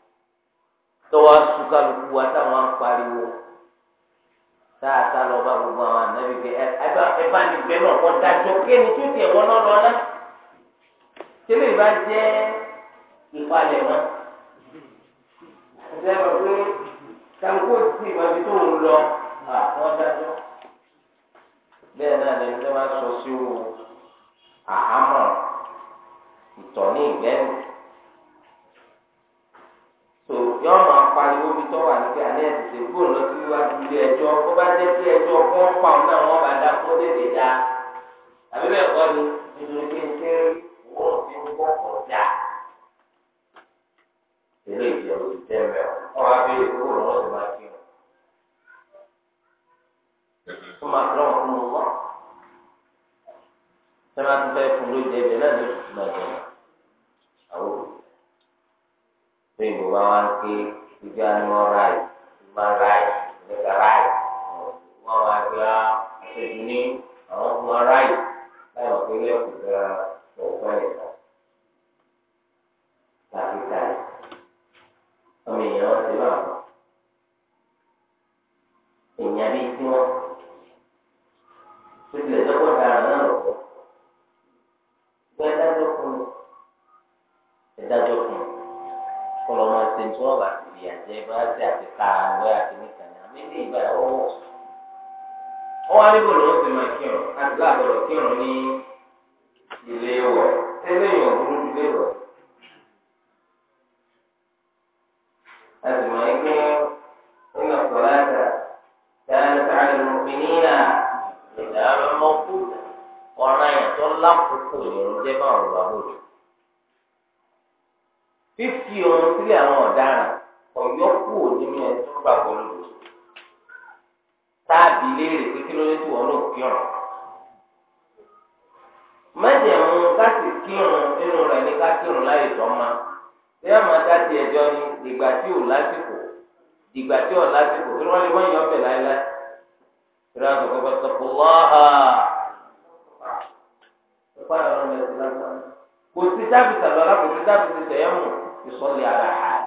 tọwọ́ sukaluku wa táwọn ń pariwo táàtà lọ bá gbogbo àwọn ànábi pé ẹ bá ní bẹ́ẹ̀ náà kọ́ dájọ́ kéènì tó tiẹ̀ wọ́n náà lọ́nà tẹ́lẹ̀ bá jẹ́ ìpalẹ̀ wọn. ṣe é bá pé kálukú ti ìwọ́n tó ń lọ àwọn dájọ́ bẹ́ẹ̀ náà lẹ́nu tó máa sọ sí òun àhámọ́ ìtọ̀ ní ìgbẹ́nu. so yọ ọmọ apariwo bi tọ́ wà ní pé alẹ́ ẹ̀sìn ṣe fóònù lọ sí wíwájú ilé ẹjọ́ kó bá jẹ́ sí ẹjọ́ kó ń pa òun náà wọ́n bá dá kó tètè dá àbí bẹ́ẹ̀ kọ́ ni nítorí pé ń wọ́n ti ń bọ̀ kọ̀ ilé wá bí pé yorùbá wá ń ké ibi animal right human right mega right wọn wá gbé aṣojú ní àwọn human right láì wọ́n pé lẹ́kùn gbẹ́ra ọ̀pọ̀ ẹ̀ka tàbí tàbí ọmọ èèyàn wọn ti bá wọn èèyàn bíi tí wọn tó tilẹ̀ lọ́pọ̀ dára náà lọ́pọ̀ gbẹ́dájọ́ fún mi ẹ̀dájọ́ fún mi. kọlọ máa ṣe tí wọn bá ti rí àjẹ bá ti àti ká àwọn àti nìkan ní àmì ìgbà ó ó wá níbo lòún ti máa kírun àti kírun ní ilé wọ̀ tẹ́lẹ̀ yàn burú ilé wọ̀. ọmọkùnrin ọ̀ràn jẹ́ bá ọ̀rọ̀ àbójú. fífi ọrùn sílẹ̀ àwọn ọ̀daràn ọ̀yọ́ kù nínú ẹ̀ tó gbàgbọ́ lòdì táàbì léèrè pé kí ló dé tí wọn náà kí ọ̀rọ̀ mẹ́jẹ̀mú káàsì kírun nínú rẹ̀ ní ká kírun láyè tó ma bí wọ́n máa dájú ẹjọ́ ni dìgbà tí ò lásìkò dìgbà tí ò lásìkò bí wọ́n lè wọ́n yọ ọbẹ̀ láéláé bí wọ́n sọ pé tọ́kù lọ́ha kò sí sábìsà lọ́la kò sí sábìsà tẹ̀yẹ́mù. يصلي على حال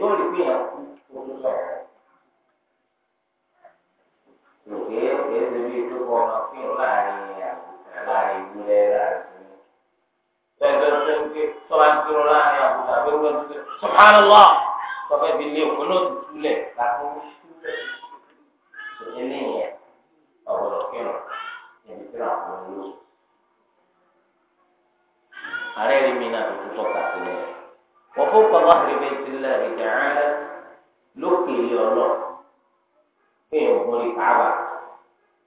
yóò rí pé yẹn kú ojú sọ̀rọ̀. Lòkè lòkè ṣe bí ètò kan náà fi hàn láàrin àbùkà láàrin ìgbélé láàrin. Bẹ́ẹ̀ bẹ́ẹ̀ ń gbé sọ́ba ti dúró láàrin àbùkà bẹ́ẹ̀ bẹ́ẹ̀ ṣe Subhanallah sọ́fẹ́ fi lé òkú náà tutù lẹ̀ láti wọ́n ṣúlẹ̀. Ṣèyí ní ìyẹn ọ̀gbọ̀dọ̀ fi hàn níbi tí wọ́n àwọn olóṣù. Ààrẹ rí mi náà tuntun sọ̀tà sílẹ̀. وفوق ظهر بيت الله تعالى لقي لي الله في أمور الكعبة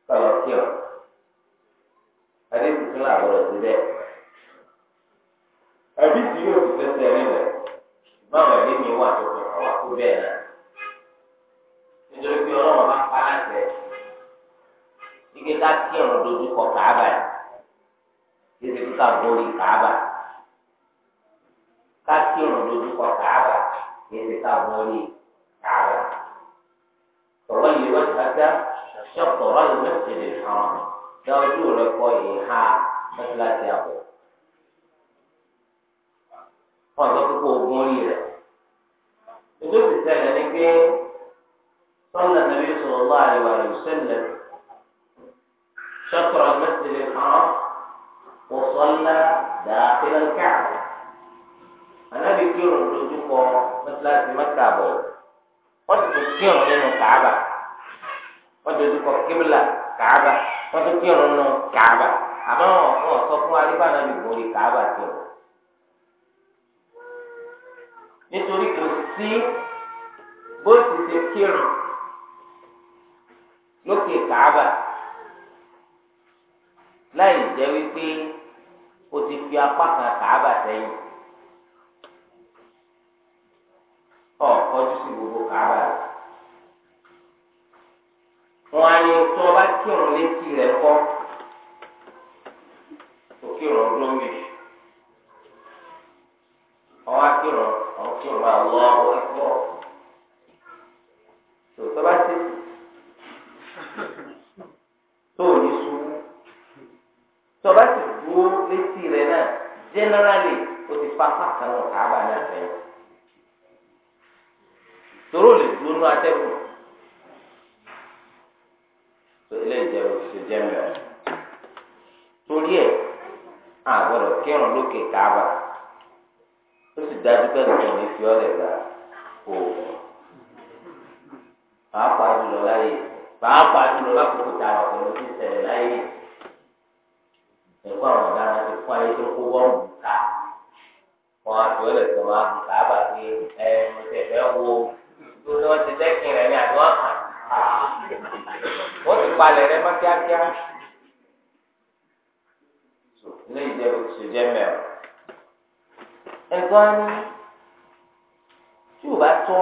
فيصير حديث سنة ولا سباع حديث يوم في السنة ما غادي من واحد من حواس بينا nítorí pé ọlọ́run bá pa láṣẹ ike ká kí ọ̀rọ̀ dojú kọ kàába kákìrún lójúkọ kàába yẹn ti ká wọn rí kàába. ọ̀rọ̀ yìí wọ́n ti ká ṣọ́kọ̀ ọ̀rọ̀ yìí wọ́n ti lè hàn ní ojú rẹ̀ kọ́ ìhà mẹ́tíláṣí àbọ̀. wọ́n sọ pé kó ogun rí rẹ̀. ojú ti ṣẹlẹ̀ ni pé sọ́nà nàbí sallallahu alaihi wasallam شطر المسجد الحرام وصلى داخل الكعبة ànábi kírun lójú kọ mọ́tíláṣí mẹ́ta bọ̀ wọ́n ti tún kírun nínú kàába wọ́n ti tún kọ kíbílà kàába wọ́n ti kírun nínú kàába àmọ́ wọn sọ fún alíbá ànábi borí kàába tó nítorí kò sí bó ti ṣe lókè kàába láì wípé o ti fi apá kan kàába ọ̀kọ́jú sí gbogbo kàrà Wọ́n á ní tí wọ́n kírun létí rẹ̀ kọ́, kò kírun ọdún bì. kírun, ọ̀hún kírun máa ẹ̀kọ́. ti ti dúró létí rẹ̀ náà, jẹ́nẹ́rálì toró lè gbónú atẹ́gùn tó ilé ìjẹun ṣe jẹ́ mẹ́rin torí ẹ̀ àgbọ̀dọ̀ kírun lókè káàbà ó sì dájú pé nìkan ní fi ọ́lẹ̀ gba oògùn pàápàá jùlọ láyé pàápàá jùlọ lákòókò tá a wà pẹ̀lú tí ń ṣẹlẹ̀ láyé ẹ̀kọ́ àwọn ọ̀daràn ti fún ayé tó kó bọ́ọ̀mù ká wọn àti ọ̀lẹ̀ tó máa bù káàbà pé ẹ̀ mo tẹ̀ torí wọn ti dẹ́kin rẹ̀ ní àdúrà kan
wọ́n ti palẹ̀
rẹ̀ mọ́ kíákíá ilé ìjẹun ti jẹ́ mẹ́rin ẹ̀gbọ́n ni tí o bá tọ́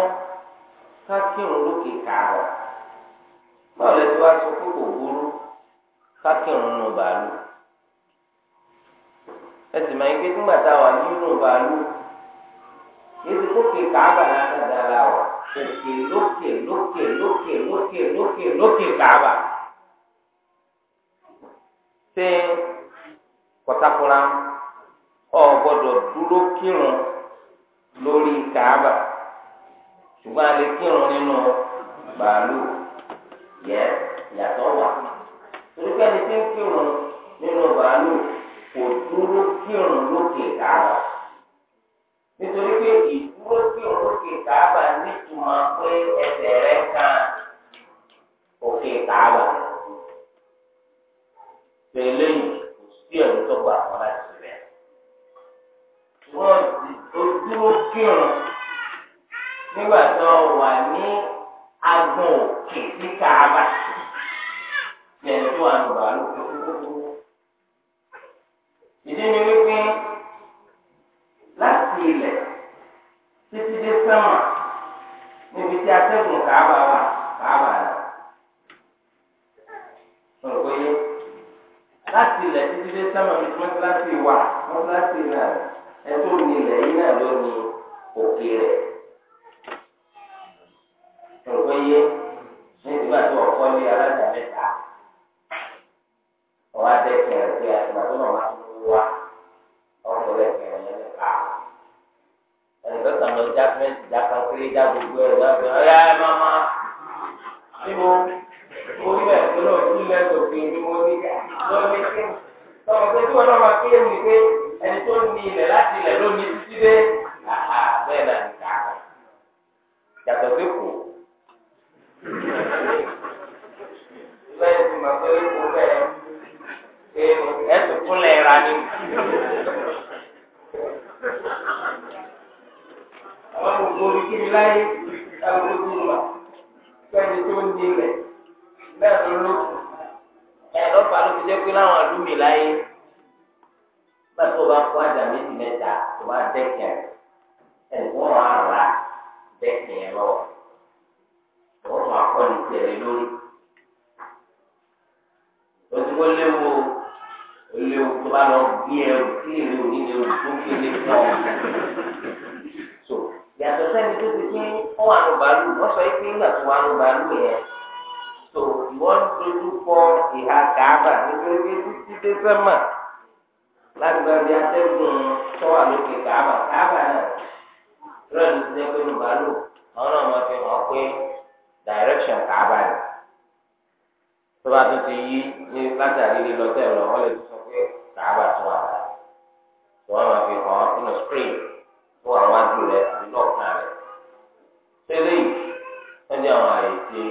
ká kírun lókè kààrọ̀ báwo lè ti wá sọ pé kò burú ká kírun nù bàálù ẹ sì máa ń gbé nígbà tá a wà bàálù yìí ti kókè kààbà lásán dára wà òkè lókè lókè lókè lókè lókè lókè kààbà ṣé kọtakura ọ gbọ́dọ̀ dúró kírun lórí kààbà ṣùgbọ́n a lè kírun nínú bàálù yẹ yàtọ̀ wà torí pé ẹni tí ń kírun nínú bàálù kò dúró kírun lókè kààbà nítorí pé ìdí kúrókì òrókè kàába nítumọ̀ pé ẹsẹ̀ rẹ kan òkè kàába. Tẹ̀lé yìí kò sí ẹ̀rù tó gbà wọn láti sílẹ̀. Wọ́n ti dúró kírun nígbà tó wà ní agbọ̀n òkè sí kàába. Yẹ̀lẹ̀ tó wà ní bàálù tó kúkú. Ìdí ni wípé láti ilẹ̀ títí dé sẹ́wọ̀n níbi tí atẹ́gùn kàába wà kàába rẹ̀ ọ̀rọ̀ yẹ láti ilẹ̀ títí dé sẹ́wọ̀n ní mọ́tíláṣí wà mọ́tíláṣí náà ẹ̀tọ́ ní ilẹ̀ yìí náà ló ní òkè rẹ̀ ọ̀rọ̀ yẹ ní ìdígbà tó ọ̀kọ́ lé alájà. lọ já fẹ́ǹsì já kankéré já gbogbo ẹ̀ lọ́wọ́ fẹ́ ọ̀yá ẹ máa máa tí mo mo rí ẹ̀ tó náà tún lẹ́sọ̀ fi ni mo rí lọ́ mi kí tọmọ pé tí wọn náà máa kílẹ̀ mi pé ẹni tó ní ilẹ̀ láti ilẹ̀ ló ní títí dé àhà bẹ́ẹ̀ náà ní káàkiri yàtọ̀ sí kù lẹ́yìn tí màá pé kú bẹ́ẹ̀ ẹ̀ ẹ̀ tó ra ni àwọn gbogbo orí kí ni láyé
táwọn ológun wà fẹ́ni tó ń
dilẹ̀ bẹ́ẹ̀ ló ló ẹ̀ lọ́pàá ló fi jẹ́ pé láwọn àdúmì láyé pẹ́ẹ́tọ́ bá kó àjà méjì mẹ́ta tó bá dẹ́kẹ̀ ẹ̀gbọ́n ara dẹ́kẹ̀ lọ wọ́n máa kọ́ ní tẹ̀lé lórí. Òtún ó léwu ó léwu tó bá lọ bí ẹrù kí èrè òní lè rù tó gbélé yàtọ̀ sẹ́ni tó ti pín wọn wà ní bàálù wọ́n sọ pé nígbà tó wà ní bàálù yẹn tó wọ́n dojú kọ ìhà kàába nítorí pé títí dé sẹ́mà lágbàdì atẹ́gùn tó wà lókè kàába kàába náà lọ́ọ̀dù ti dẹ́gbẹ́ ní bàálù àwọn náà máa fi hàn pé direction kàába ni tó bá tún ti yí ní látàrí lílọ tẹ̀lọ wọ́n lè sọ pé kàába tó wà láàyè máa fi hàn nínú screen tó wà wájú rẹ̀ eléyìí wọ́n jẹ́ àwọn àyè tí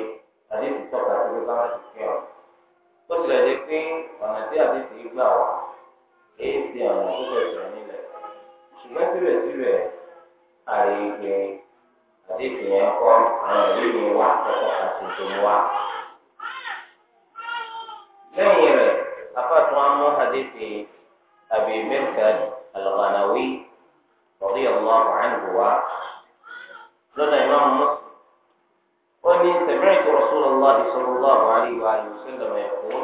àdéhùn tọ́ka sí pé káwọn ti fi hàn ó tilẹ̀ jẹ́ pé ọ̀nà tí àdéhùn yìí gbà wá èyí ti ọ̀nà tó fẹsẹ̀ nílẹ̀ ṣùgbọ́n síbẹ̀síbẹ̀ àyè pé àdéhùn yẹn kọ́ àwọn ìlú yẹn wà tọ́ka sí tó ń wá. lẹ́yìn rẹ̀ afáàtún amú àdéhùn àbí mẹ́ta àlọ́gbànáwí rọ̀bí ọ̀gbọ́n àwọn àǹgùwà lọ́dọ̀ ìmáàmù mọ́sùlùmí ó ní sami'tu Rasulullahi sallallahu alaihi wa sallam yaqul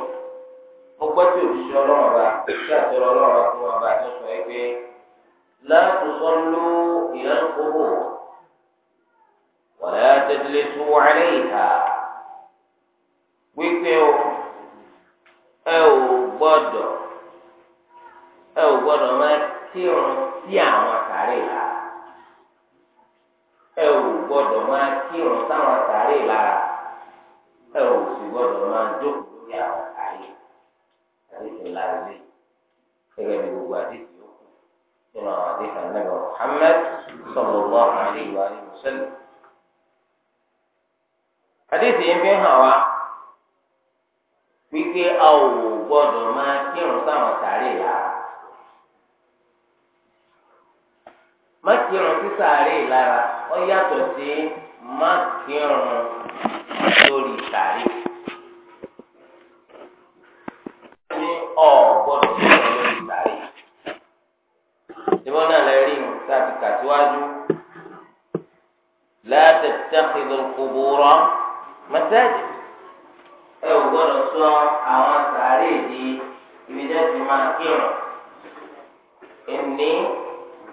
mo gbọ́ tí òṣìṣẹ́ ọlọ́run bá ṣe àtẹ̀rọ ọlọ́run bá fún wa bá ti sọ pé la tusallu ila al-qubur wa la tajlisu 'alayha wípé o ẹ ò gbọ́dọ̀ ẹ ò gbọ́dọ̀ máa kírun sí àwọn sàárè yàrá ẹ ò gbọ́dọ̀ máa kírun sáwọn sàárè lára ẹ ò sì gbọ́dọ̀ máa jókòó lórí àwọn sàárè àdéhùn láàbí gẹ́gẹ́ bí gbogbo àdéhùn yòókù nínú àwọn àdéhùn anábẹ Muhammad sallallahu alaihi wa sallam. àdéhùn yìí fi hàn wá wípé a ò gbọ́dọ̀ máa kírun sáwọn sàárè lára. kírun sí sàárè lára ó yàtọ̀ sí má kírun lórí sàárè. ní ọ̀gbọ́dọ̀ kírun lórí sàárè. ìbọn náà lè rí ìrùn kàtíwájú. لا تتخذ القبور مساجد ẹ ò gbọ́dọ̀ sọ àwọn sàárè di ibi tẹ́ ti máa kírun. إني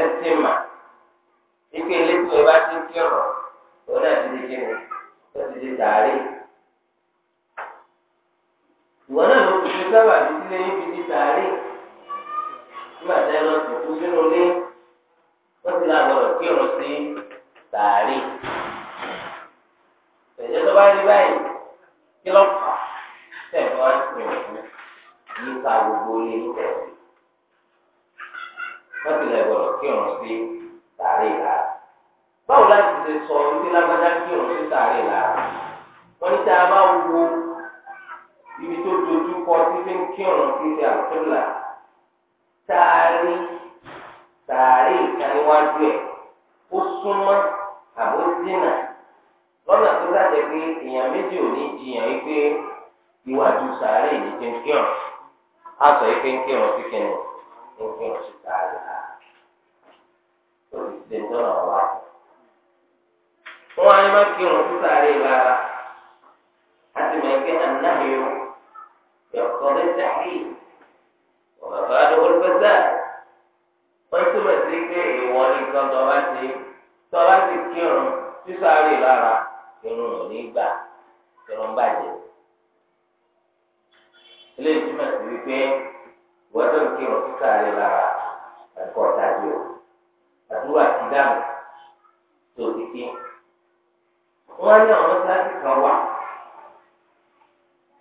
ẹtì mà ike elétò ẹ bá ti ń kí ọ̀rọ̀ òun náà ti di kíni ó ti di sàárè ìwọ náà ló fi ṣe sábà ti sílé yín fi di sàárè nígbà tí ẹ lọ sí kú sínú ilé wọn ti lágbọdọ kí ọ̀rọ̀ sí sàárè ẹjẹ tó bá di báyìí kí lọ fà tẹ ẹ bá ń pè é ní gbogbo ilé ń tẹ̀sí wọ́n ti lọ ìgbọ̀dọ̀ kírun sí sàárè ìlà. báwo láti ṣe sọ wípé lágbájá kírun sí sàárè ìlà? wọ́n ní tá a bá wo ibi tó dojú kọ sí fi ń kírun sí ti àkúlà sàárè sàárè ìkàníwájú ẹ̀ ó súnmọ́ àbójínà lọ́nà tó dájẹ́ pé èèyàn méjì ò ní jiyàn wípé iwájú sàárè ìdíje ń kírun á yìí pé ń kírun sí kẹ́nu. nígbà yẹn ti ta rẹ̀ náà lórí ṣe tó náà wà. wọ́n á ní má kírun sísá rẹ̀ lára àti mẹ́kẹ́ ànáyọ dị lé dàrí ọ̀bàbà àdókòrò pẹ́sà wọ́n túmọ̀ sí wọ́n tó ń kírun kíkà rẹ̀ lára ẹ̀kọ́ ọ̀dájú o àdúrà ti dànù tó ti kí. wọ́n ní àwọn kíláàsì kan wà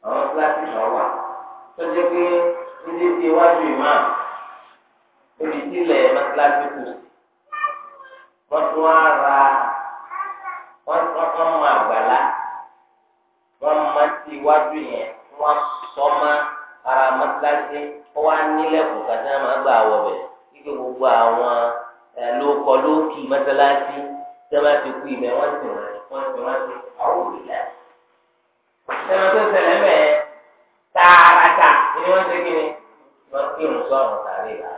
àwọn kíláàsì kan wà tó jẹ́ pé títí di iwájú ìmáà níbi tí ilẹ̀ kù wọ́n tún á ra wọ́n tún mọ àgbàlá wọ́n máa ti iwájú yẹn wọ́n sọ ara mọ́tíláṣí ó wá nílẹ̀kùn kàtí wọn máa gbà wọ bẹ̀ kíkẹ gbogbo àwọn lóòkọ lóòkì mọ́sálásí tí wọn bá ti kú ibẹ̀ wọn sì wọn sì wọn sì àwọn òrìlà ẹnu tó ṣẹlẹ̀ mẹ tààràtà ni wọn ṣe kíni wọn kírun sọ̀rọ̀ sàrè rà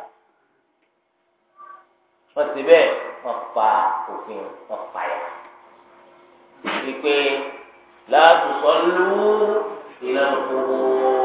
wọn sì bẹ́ẹ̀ wọn fa òfin wọn fa yà wípé láti sọ lù ìlànà kúrò.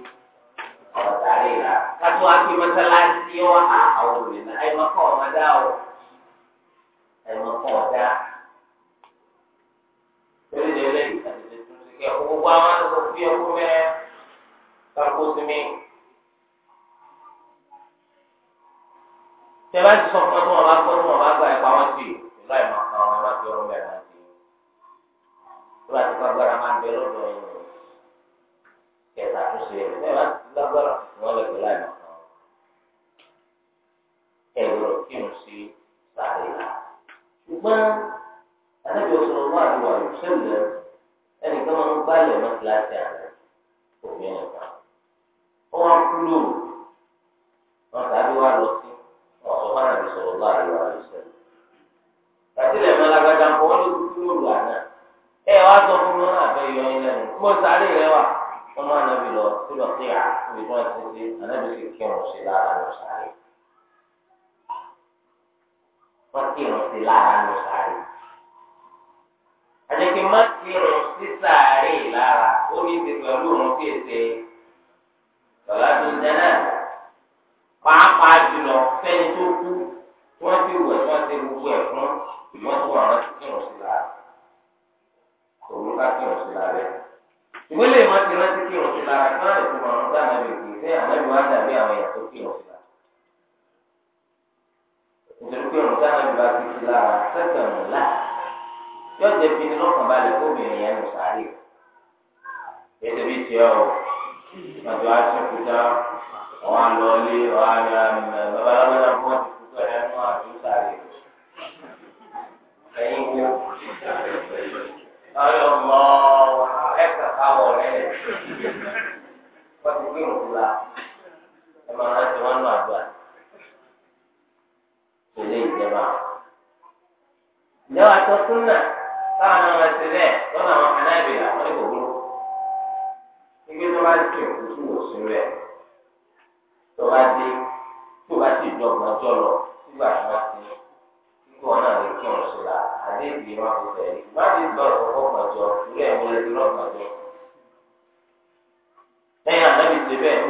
ọ̀rọ̀ sáré rà kátó àti mọ́sálásí wọn á àwọn obìnrin náà ẹ̀ mọ́kọ́ ọmọ dá o ẹ̀ mọ́kọ́ ọ̀dá. lórí ilé ilé ìtàgé tó ti kẹ́ gbogbo àwọn àti kò fi ọkọ mẹ́ẹ́ kakó sí mi. tẹ́lá ti sọ fún ọdún ọba kọ́ ọdún ọba gba ẹ̀pá wọn sí ìlú àìmọ̀kan ọmọ ẹ̀ má fi ọrùn bẹ̀rẹ̀ náà sí. tó bá ti kẹta àtúnṣe rẹ̀ ẹ má ti lágbára fún wọn lẹ́gbẹ̀ẹ́ láì máa kàn án ẹ gbọ́dọ̀ kí n sí sáré rà ṣùgbọ́n anábì ọsùn wà ní wàlú sẹlẹ ẹnìkan máa ń gbálẹ̀ mọ́ kíláàsì àná òfin ẹ̀ka ó wá kú lóru wọn tàbí wá lọ sí ọ̀sán wọn àbí sọ̀rọ̀ wà ní wàlú sẹlẹ kàtílẹ̀ mọ́ alágbádá ń bọ̀ wọ́n ló kú lóru àná ẹ wá sọ fún mi wọn àfẹ́ yọ ẹ lẹ́nu kí sáré rẹ wà ọmọ anabi lọ sí lọkìá níbi tí wọn ti ṣe anabi sì kírun sí lára lọ sáré wọn kírun sí lára lọ sáré àjẹkí má kírun sí sáré lára ó ní ti pẹ̀lú òun kí èsè lọlá tó ń jẹ náà pàápàá jùlọ fẹni tó kú wọn ti wẹ tí wọn ti gbogbo ẹ fún wọn tó wọn sí lára òun ká kírun sí lára ìwé lè má ti rántí kí wọn ti lára kí wọn lè fi wọn gbá àná lè fi fẹ àná lè wá dàbí àwọn èèyàn tó kí wọn fi lára nítorí pé wọn gbáná lè bá ti lára sẹsẹ wọn là yóò jẹ bí ní lọkàn balẹ̀ kó obìnrin yẹn lù sáré ètò bí tiẹ̀ o pàtó àtúnkúta wọn á lọ lé wọn á babaláwo náà fún wọn ti kú pẹ̀lẹ́ wọn á sáré ẹyin wo
ọyọ ẹ̀ka káwọ̀ rẹ̀ wọ́n
ti gbé òkúra
ẹ̀ máa rántí wọn lọ àdúrà
tẹ̀lé ìjẹba. ìjọba tó súnà táwọn ọmọ ẹsẹ̀ bẹ́ẹ̀ lọ́nà àwọn kanáàbìlà wọn ní gbogbo. ibi tó bá tún òkútu wò sí rẹ̀ tó bá dé tó bá sì dọ̀gbọ́n jọ lọ nígbà tó bá ti nígbà wọn náà lè kí wọn sí la. حديث الإمام البخاري ما حديث ضرب فوق مجر ولا يقول ti ti bi ti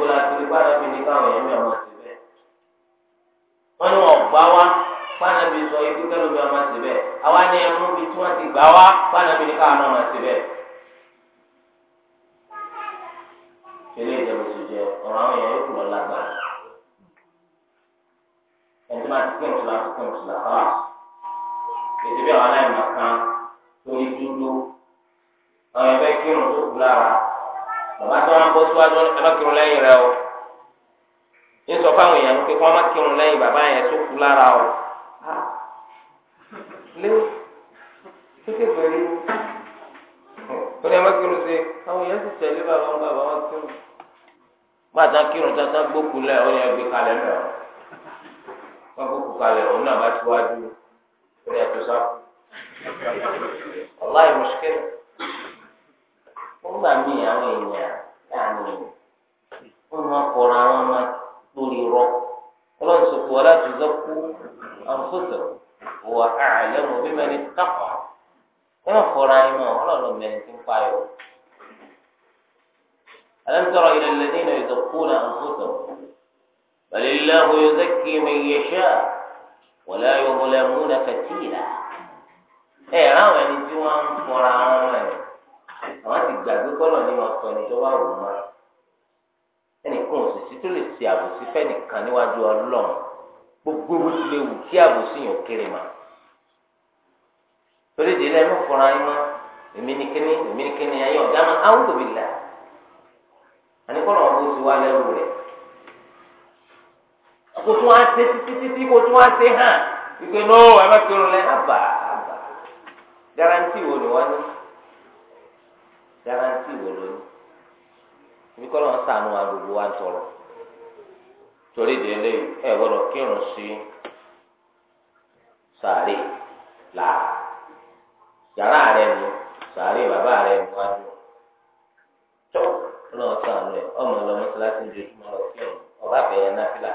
ni tí ti ti ti jẹ ètò bí àwọn aláìmọ̀ kan torí dúdú àwọn ẹgbẹ́ kírun tó kú lára bàbá tó wọn bọ́ síwájú ẹ má kírun lẹ́yìn rẹ o ní sọ fáwọn èèyàn pé kí wọ́n má kírun lẹ́yìn bàbá yẹn tó kú lára o léwu tó kékeré lórí ẹ má kírun sí àwọn èèyàn ti tẹ̀lé bàbá wọn bàbá wọn kírun gbàtà kírun tata gbókù lẹ ọ gbé kalẹ̀ mẹ wọn gbókù kalẹ̀ ọ bá tiwájú orí ẹ̀tọ́ sáfù ọláì mọṣúkẹlẹ nígbà míì àwọn èèyàn láàrin ìlú wọn máa kọra àwọn ọmọ lórí rọ ọlọ́run sọ pé wọlé àtúnṣe kú àǹfọ̀sẹ̀ wọ àlẹ́ mọ̀ bí mẹ́rin kápá wọn máa kọra ẹni mọ́ ọlọ́run mẹ́rin ti ń payọ̀. ألم تر إلى الذين يزكون أنفسهم بل الله يزكي من يشاء wọlé ayọwọlé múlẹ fẹtìlá ẹ ráwọn ẹni tí wọn ń fọra wọn rẹ wọn ti gbàgbé kọlọ ní wọn sọ ẹni tó wà wò wọn ẹnìkan òṣìṣẹ́ tó lè ṣe àbòsí fẹ́nìkan níwájú Ọlọ́run gbogbo bó ti lè wù kí àbòsí yàn kéré mà torí ìdílé ẹnu fọra yín mọ èmi ní kíní èmi ní kíní ayé ọ̀gá máa áwùjọ mi là àníkọ́ náà ti wá lẹ́rù rẹ̀ kó tún wá ṣe títí títí kó tún wá ṣe hàn ìpè nó ẹ má kírun lẹ àbà àbà garanti wo ni wọn ní garanti wo ló ní ibi kọ́ lọ́n sànù wa gbogbo wa tọrọ torí délé ẹ gbọ́dọ̀ kírun sí sàárè là yàrá rẹ ni sàárè bàbá rẹ ni wọn ní tó lọ́n sànù ẹ ọmọ lọ́mọ síláṣí ń jojúmọ́ lọ kírun ọba bẹ̀yẹ náà fìlà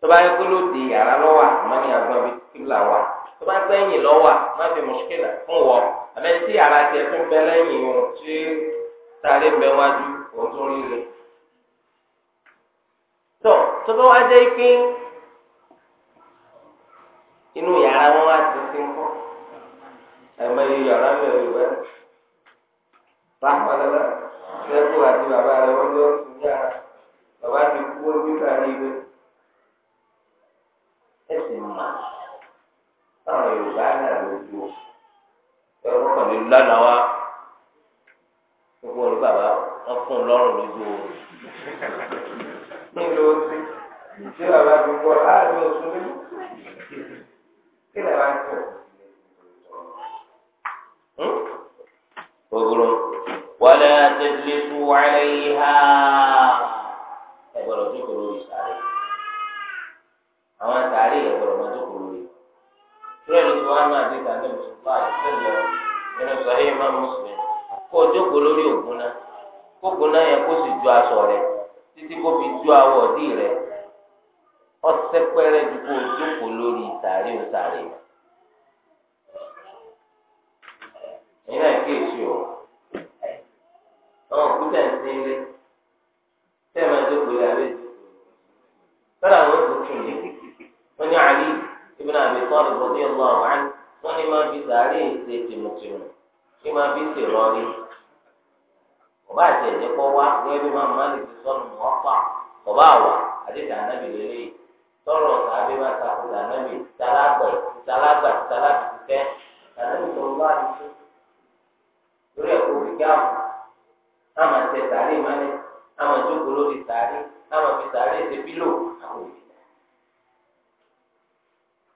tọba yẹ kó lóde yàrá lọ́wọ́ àmọ́ni àgbọn bíi kíbla wà tọba yẹ kó ẹ̀yìn má fi mùsùkìlà fún wọ àmọ́ tí yàrá tiẹ̀ tún bẹ lẹ́yìn ohun tí sáré bẹ wájú òun tún rí tọ tọba wa jẹ́ pé inú yàrá wọn wá ti ti ń kọ́ ẹ̀mọ iye yàrá mi ò bẹ́ báwọn lọ́la ṣẹ́kù àti bàbá rẹ̀ wọ́n jọ sùn yàrá bàbá ti kú ó bí sáré ibẹ̀ ẹsìn mà táwọn yorùbá náà ló dúró ẹ̀rọ kọ̀ọ̀lẹ́ lánàá wa gbogbo olú bàbá wọn fún un lọ́rùn lójú oorun ní ìlú ọtí tí bàbá fi gbọ́ láàrin oṣù mi kí lè máa ń gbogbo wàlẹ́ àtẹ̀lẹ́sù wàlẹ́ yìí hà ẹ̀ gbọ́dọ̀ jókòó lórí sáré. àwọn àtàrí ìyẹ̀wòrán máa jókòó lórí. Sílẹ̀ ló ti wá náà dé ìtàn náà mùsùlùmá àìsílẹ̀ nínú sọ̀rọ̀ ìmọ̀ mùsùlùmí. Kó o jókòó lórí ògùn náà. Kókò náà yẹ kó sì ju aṣọ rẹ̀ títí kó fi ju awọ ọ̀dí Umar radiyallahu anhu wọ́n ní máa fi sàárè ṣe tìmùtìmù kí máa fi ṣèrọrí ọba àti ẹ̀jẹ̀ kọ́ wá gẹ́gẹ́ bí máa máa lè fi sọ́nù ọ̀pá ọba àwà àdéhùn ànábì lélẹ̀ tọrọ sàábé bá takò ànábì tàlágbà tàlágbà tàlágbà ànábì bá a lórí ẹ̀kọ́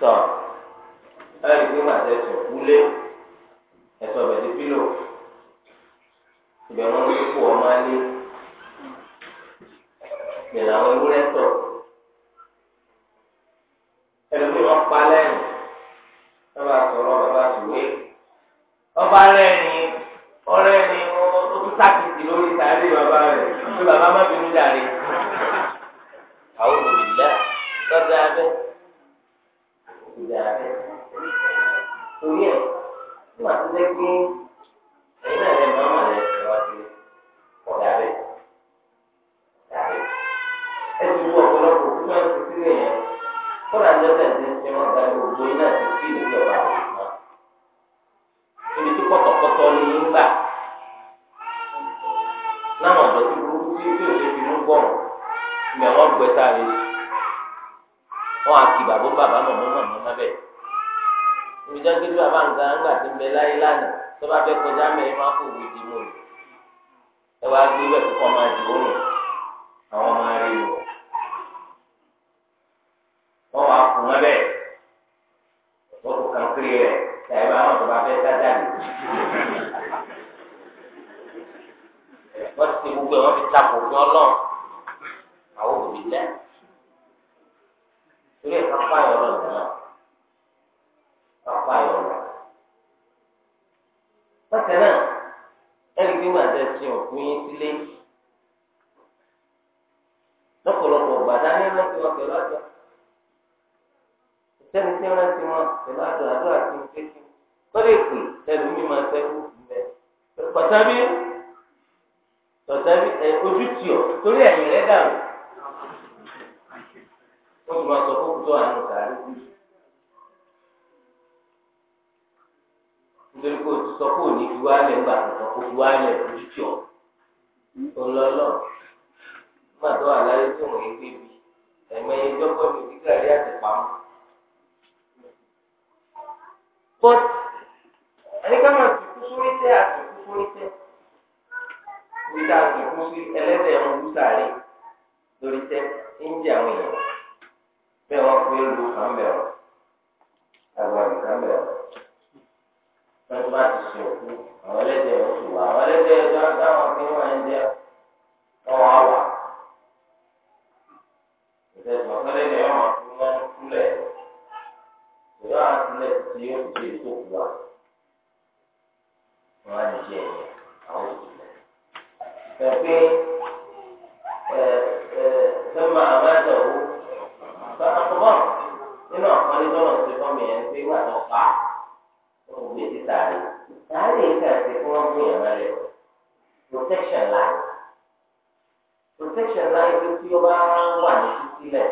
tọ ẹrí pé màá tẹ sùn kúlé ẹsọ bẹ́ẹ̀ di pílò ìbẹ̀rù ọmọ ìkú ọmọ alé ìbẹ̀rù àwọn ewúrẹ́ tọ̀ ẹlòmíì wọn pa lẹ́yìn bàbá sọ̀rọ̀ bàbá sùwé ọba lẹ́ni ọlẹ́ni ó tún sákìtì lórí sáré bàbá rẹ̀ pé bàbá má bínú dàrí àwọn òbí lẹ́ tọ́jú abẹ́ ìyá rẹ̀ torí ẹ̀ nígbà tó jẹ́ pé
ẹ̀yin náà lè
máa mọ̀ lẹ́yìn tí wọ́n ti ọ̀dà rẹ̀ ọ̀dà rẹ̀ ẹ ti wú ọ̀pọ̀lọpọ̀ tí wọ́n ti sílẹ̀ yẹn kọ́nà lọ́sẹ̀ ti ń ṣe wọn gba gbogbo iná ti fi ìlú ọ̀bà rẹ̀ mọ́ ibi tí pọ̀tọ̀pọ̀tọ̀ ni ń gbà láwọn ọ̀dọ́ tí burúkú tí fi mú bọ̀ ìgbà wọn gbẹ sáré wọn á kí bàbá bàbá mọ̀mọ́ mọ̀mọ́ sábẹ́ ibi jẹ́ pé bí bàbá nǹkan ńgbà ti ń bẹ láyé lánàá tó bá fẹ́ kọjá mẹ́rin máa kó òwe di mọ́ ẹ wá gbé bẹ́ẹ̀ kó kọ́ máa dìbò nù àwọn máa rí lọ wọ́n wá kù wọ́n bẹ́ẹ̀ wọ́n kò kàn kiri rẹ̀
tàyè bá wọn tó bá fẹ́ sájà lè
wọ́n ti gbogbo ẹ̀ wọ́n fi takò fún ọlọ́run. torí ẹ̀ kápá ìrọ̀lọ́ nìyẹn
kápá ìrọ̀lọ́.
bákan náà ẹni tí wọn àti ẹsìn òkú yín sílé lọ́pọ̀lọpọ̀ gbàdá ní ẹ̀rọ tí wọn pẹ̀lú àjọ sẹ́ni tí wọ́n ti wọn pẹ̀lú àjọ àjọ àti ìfẹ́kì lórí èpè tẹ̀lé mi máa tẹ́kù bẹ́ẹ̀ pàtàbí pàtàbí ojútì torí ẹ̀yìn rẹ̀ dàrú ó tún máa sọ fún kùtọ́ àánú sàárè kù nítorí kò sọ kó ní fi wálẹ̀ ńgbà kankan kó fi wálẹ̀ lójú tí ọ̀ ọlọ́lọ́ nígbà tó wà láyé tí òun yé bí ẹ̀mẹ́yẹ jọ́kọ́ mi ní gàrí àtẹ̀pamọ́. but ẹnìkan máa ti kú sórí tẹ́ àti kú sórí tẹ́ wíta àti kú sí ẹlẹ́dẹ̀ẹ́ ń wú sáré lórí tẹ́ ń jẹ àwọn èèyàn bẹ́ẹ̀ wọ́n fi lu kàn bẹ̀ ọ́ àgbàdì kàn bẹ̀ ọ́ wọ́n tó bá ti ṣe òkú àwọn ẹlẹ́dẹ̀ ò sì wá àwọn ẹlẹ́dẹ̀ ẹ̀dá táwọn fi wọ́n ń jẹ́ ọwọ́ àwà ìtẹ̀sùn ọ̀sẹ́lẹ̀dẹ̀ ọmọ fún wọn kúlẹ̀ ìyá àtúnlẹ̀ tí yóò fi ṣe tó kú wa wọ́n á jẹ àwọn òṣìṣẹ́ pẹ̀pẹ́ ẹ̀ ẹ̀ sẹ́mbà àmọ́ lọ́nà tó bọ̀ nínú àkọlé tọ́lọ̀ ṣe fún mi yẹn pé wà tó pa ó gbé sí sáré sáré ìka ẹ̀sìn fún wọn fún yàrá rẹ̀ protection line protection line tó tí ó bá wà ní sísílẹ̀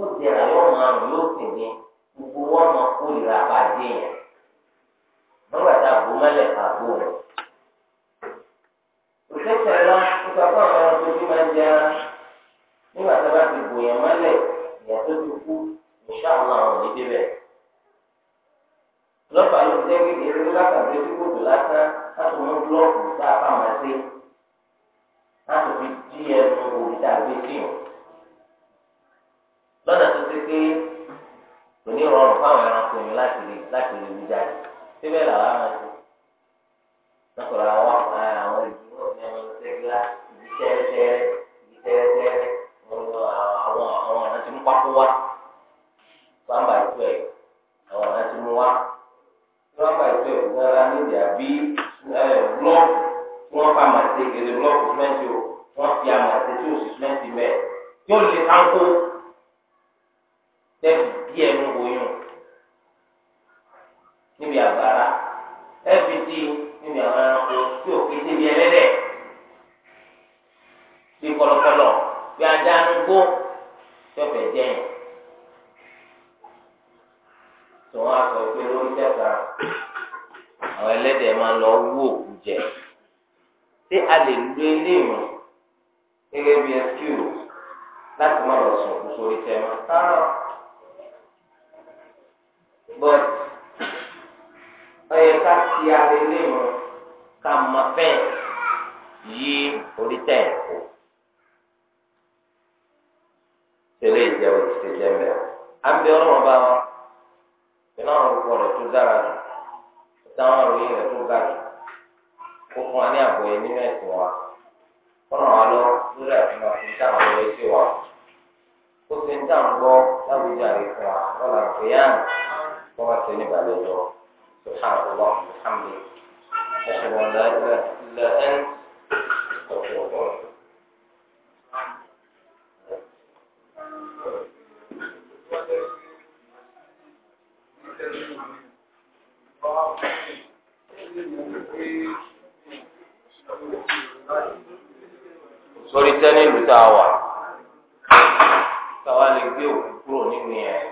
ó jẹrà yóò máa rùn yóò sì ní gbogbo wọn máa kó ìra bá dé yẹn nígbà tá a bò mọ́lẹ̀ àbò rẹ̀ protection line nípa fún àwọn ọmọ tó bí máa jẹrà nígbà tá a bá ti bò yẹn mọ́lẹ̀ ìyẹn tó ti kú ìṣá àwọn àwọn òní débẹ̀. lọ́pàá yóò jẹ́ kékeré ní látàgbé tí kò dùn lásán láti mú búlọ́ọ̀kù tá a fà máa ṣe láti fi dí ẹnu òrìṣà gbé kíyàn. lọ́nà tó ṣe pé kò ní rọrùn fáwọn ẹranko yẹn láti lè láti lè wú jáde síbẹ̀ làwọn á máa lọ́kọ̀ọ́ àwọn ìdúró ní ẹnu ṣẹ́gbẹ́ ibi tẹ́ẹ́tẹ́ẹ́ ibi tẹ́ẹ́tẹ́ẹ́ wá one by twelve àwọn ọ̀nà tí mo wá one by twelve ní ara níbi àbí blọọkù tí wọ́n fa màtí gèdè blọọkù sìmẹ́ntì o wọ́n fi àmàtí tí o sì sìmẹ́ntì mẹ́ẹ̀ yóò lè kánkó tẹ́kì bí ẹnu wòyún níbi àgbàrá ẹ̀fì tí níbi àwọn ẹranko tí ò kété bí ẹlẹ́dẹ̀ bí kọlọkọlọ bí ajá ń gbó fẹfẹ jẹ yẹn tí wọn sọ pé lórí jẹta àwọn ẹlẹ́dẹ̀ máa lọ wú òkú jẹ ṣé a lè lo eléyìí gẹ́gẹ́ bí excuse láti má lọ sùn kú sórí tẹmọ rárá but ọyẹ ká ti alẹ eléyìí ká máa fẹ yí orí tẹ òkú. tẹ̀lé ìjẹun ti ṣe jẹ́ mẹ́rin. à ń bẹ ọlọ́run bá wọn iná orúkọ rẹ̀ tó dára jù táwọn òròyìn rẹ̀ tó ga jù kó fún wa ní àbọ̀ yẹn nínú ẹ̀sìn wa kọ́nà wa lọ lórí àfihàn àti táwọn ọ̀rọ̀ yẹn ṣe wa ó fi ń tà ń gbọ́ láwùjọ àríkùn wa lọ́la ìfẹ́yàn kó wá sí oníbàlẹ̀ lọ sọ́kà àbúrò àmì àmì ẹ̀ṣẹ̀ wọn lọ́ọ́ lórí tẹ́lẹ̀ ìlú tá a wà táwa lè gbé òkú kúrò nínú yẹn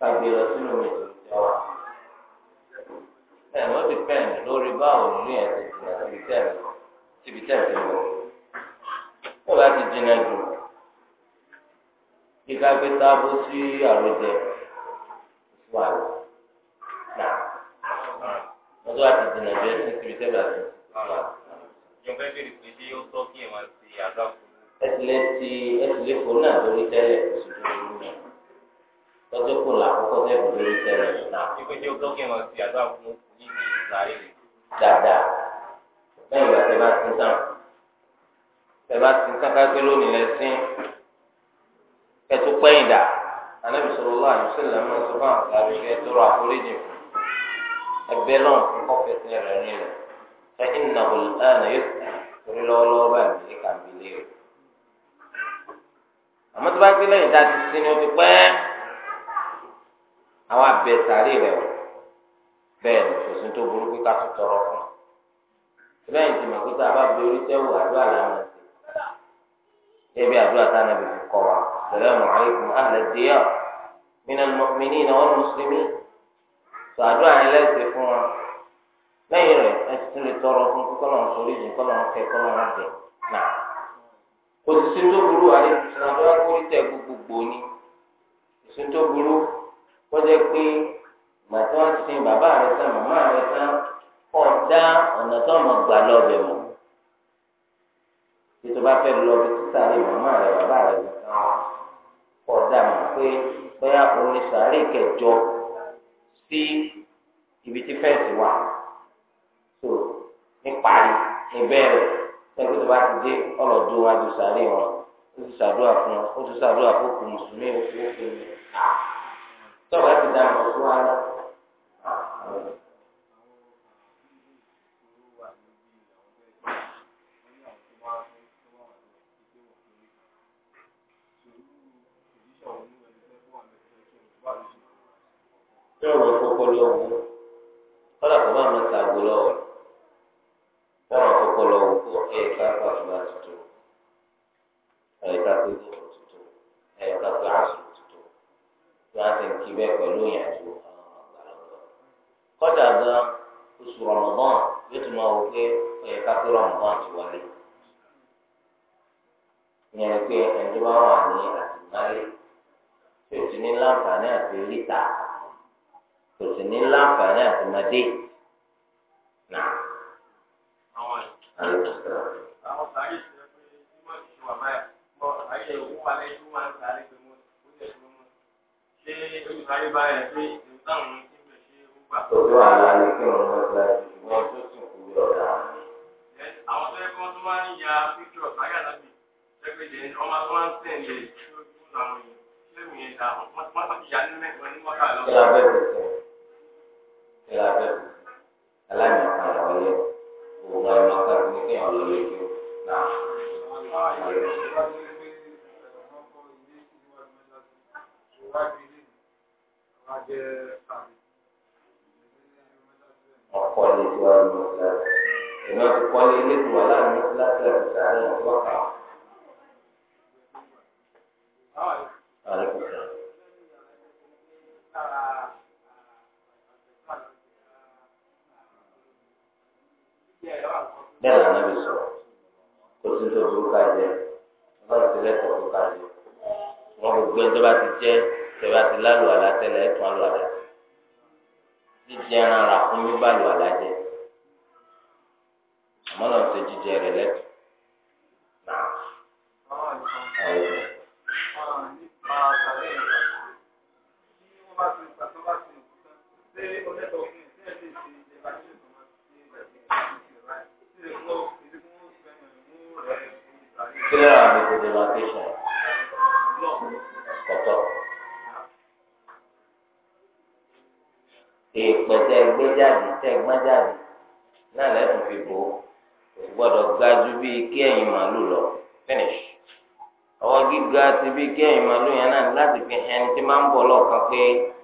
kàgbé lọ sínú
mi tó jẹ wà.
ẹ̀ ló ti pẹ́ẹ́n lórí báwo nínú yẹn ti jìnnà síbi tẹ́lẹ̀ síbi tẹ́lẹ̀ lọ. wọ́n bá jìnnà jù kíkà gbé tábó sí àròjẹ wà náà wọ́n tó bá jìnnà jù ẹ́ sí síbi tẹ́lẹ̀ àti wà ìjọba fẹ́ bèrè pé ṣé ó tọ́ kí ẹ̀ máa ṣe àdúrà fún mi. ẹ ti lè ti ẹ ti lè fò náà lórí tẹ́lẹ̀
oṣù tó lè mú mi lọ́jọ́ kò là àkọ́kọ́ tẹ́ kò lórí tẹ́lẹ̀
náà. ìpè ṣé ó tọ́ kí ẹ máa ṣe àdúrà fún òkú ní ìsàlẹ̀ rẹ̀. dáadáa lẹ́yìn ìgbà tẹ́ bá ti tán tẹ́ bá ti tán ká gbé lónìí lẹ́sìn kẹtù pẹ́yìn dà anabi sọ̀rọ̀ lọ́wọ́ àdùsílẹ̀ mọ́ sọ́kàn náà kọ́kọ́ fẹsẹ̀ rẹ̀ rìn فإنه الآن يسأل torí lọ́wọ́lọ́wọ́ báyìí ní kàmílẹ́ o. àmọ́ tó bá gbé lẹ́yìn tá a ti sin ní o ti pẹ́ àwọn abẹ sàárè rẹ̀ o bẹ́ẹ̀ ni òsín tó burú pé ká tó tọrọ fún un. lẹ́yìn tí màkú tá a bá bẹ orí tẹ́wò àdúrà làwọn ti ẹbí àdúrà tá a nàbẹ fi kọ́ wa salamu alaykum ahla diyar minal mu'minina wal muslimin sọ àdúrà yẹn lẹ́sẹ̀ fún wa lẹ́yìn rẹ̀ ẹ ti tún lè tọrọ fún kọ́lọ̀ ń sọrí yìí kọ́lọ̀ ń kẹ́ kọ́lọ̀ ń bẹ̀ náà kò tó burú àlejò àti wọn kórè gbogbogbò ni sí tó burú wọ́n jẹ́ pé ìgbà tí wọ́n ti sin bàbá rẹ tán màmá rẹ tán ọ̀dá ọ̀nà tó ọmọ gbà lọ́bẹ̀ mọ̀ tí tó bá fẹ́ lọ bí títà lé màmá rẹ bàbá rẹ tán ọ̀dá mọ̀ pé bóyá orin kẹjọ sí ibi tí fẹ́ǹsì wà tó nípa ìbẹ̀rẹ̀ lẹ́gbẹ́ tó bá ti dé ọlọ́dún wájú sáré wọn ó ti ṣàdúrà fún wọn ó ti ṣàdúrà fún òkú mùsùlùmí òkú òkú mi tọ́ba ti dá
àwọn fún wa lọ.
yóò wọ lọ́wọ́ kọ́lá kó bá máa ta lọ́wọ́. kọ́dà gan oṣù rọ̀mọ̀bọ́n yóò tún máa wò pé ọ̀yẹ̀ kápẹ́ rọ̀mọ̀bọ́n ti wọlé ìyẹn pé ẹni tó bá wà ní àtìmọ́lé tí o ti ní láǹfààní àti ríta
kò sì ní láǹfààní àti mọ́dé
náà. àwọn pàtọ́jú àwọn alẹ́kẹ́ wọn mọ́tíláṣí wọn tó sì kú lọ́dà. àwọn tó yẹ kí wọ́n tún wá ń ya píkítọ̀ sáyà lábì lẹ́gbẹ̀dẹ̀ ọmọ tó wá ń tẹ̀ ní ìlú àwọn yìí lẹ́mìí yẹn dá wọ́n tó ti yà ní mẹ́ta ní mọ́tà lọ. kí la bẹ́ẹ̀ bẹ̀ kí la bẹ́ẹ̀ bẹ̀ aláìní kan òun máa ń lọ gbogbo àwọn ọmọ ìlà ìmọ̀ àkókò alẹ́ ilé tó wà láàrin mọ́sálásí àti sàárẹ̀ àti wákà.
bẹ́ẹ̀ lànà bí sọ̀rọ̀
kó tí tó burú ká jẹ wọ́n ti lẹ́kọ̀ọ́ tó ká jẹ wọ́n kò gbé tó bá ti jẹ́ tó bá ti lálù àlá tẹ́lẹ̀ ẹ̀tún àlù àlá jíjẹ ẹran rà fún bá lù àlá jẹ. okay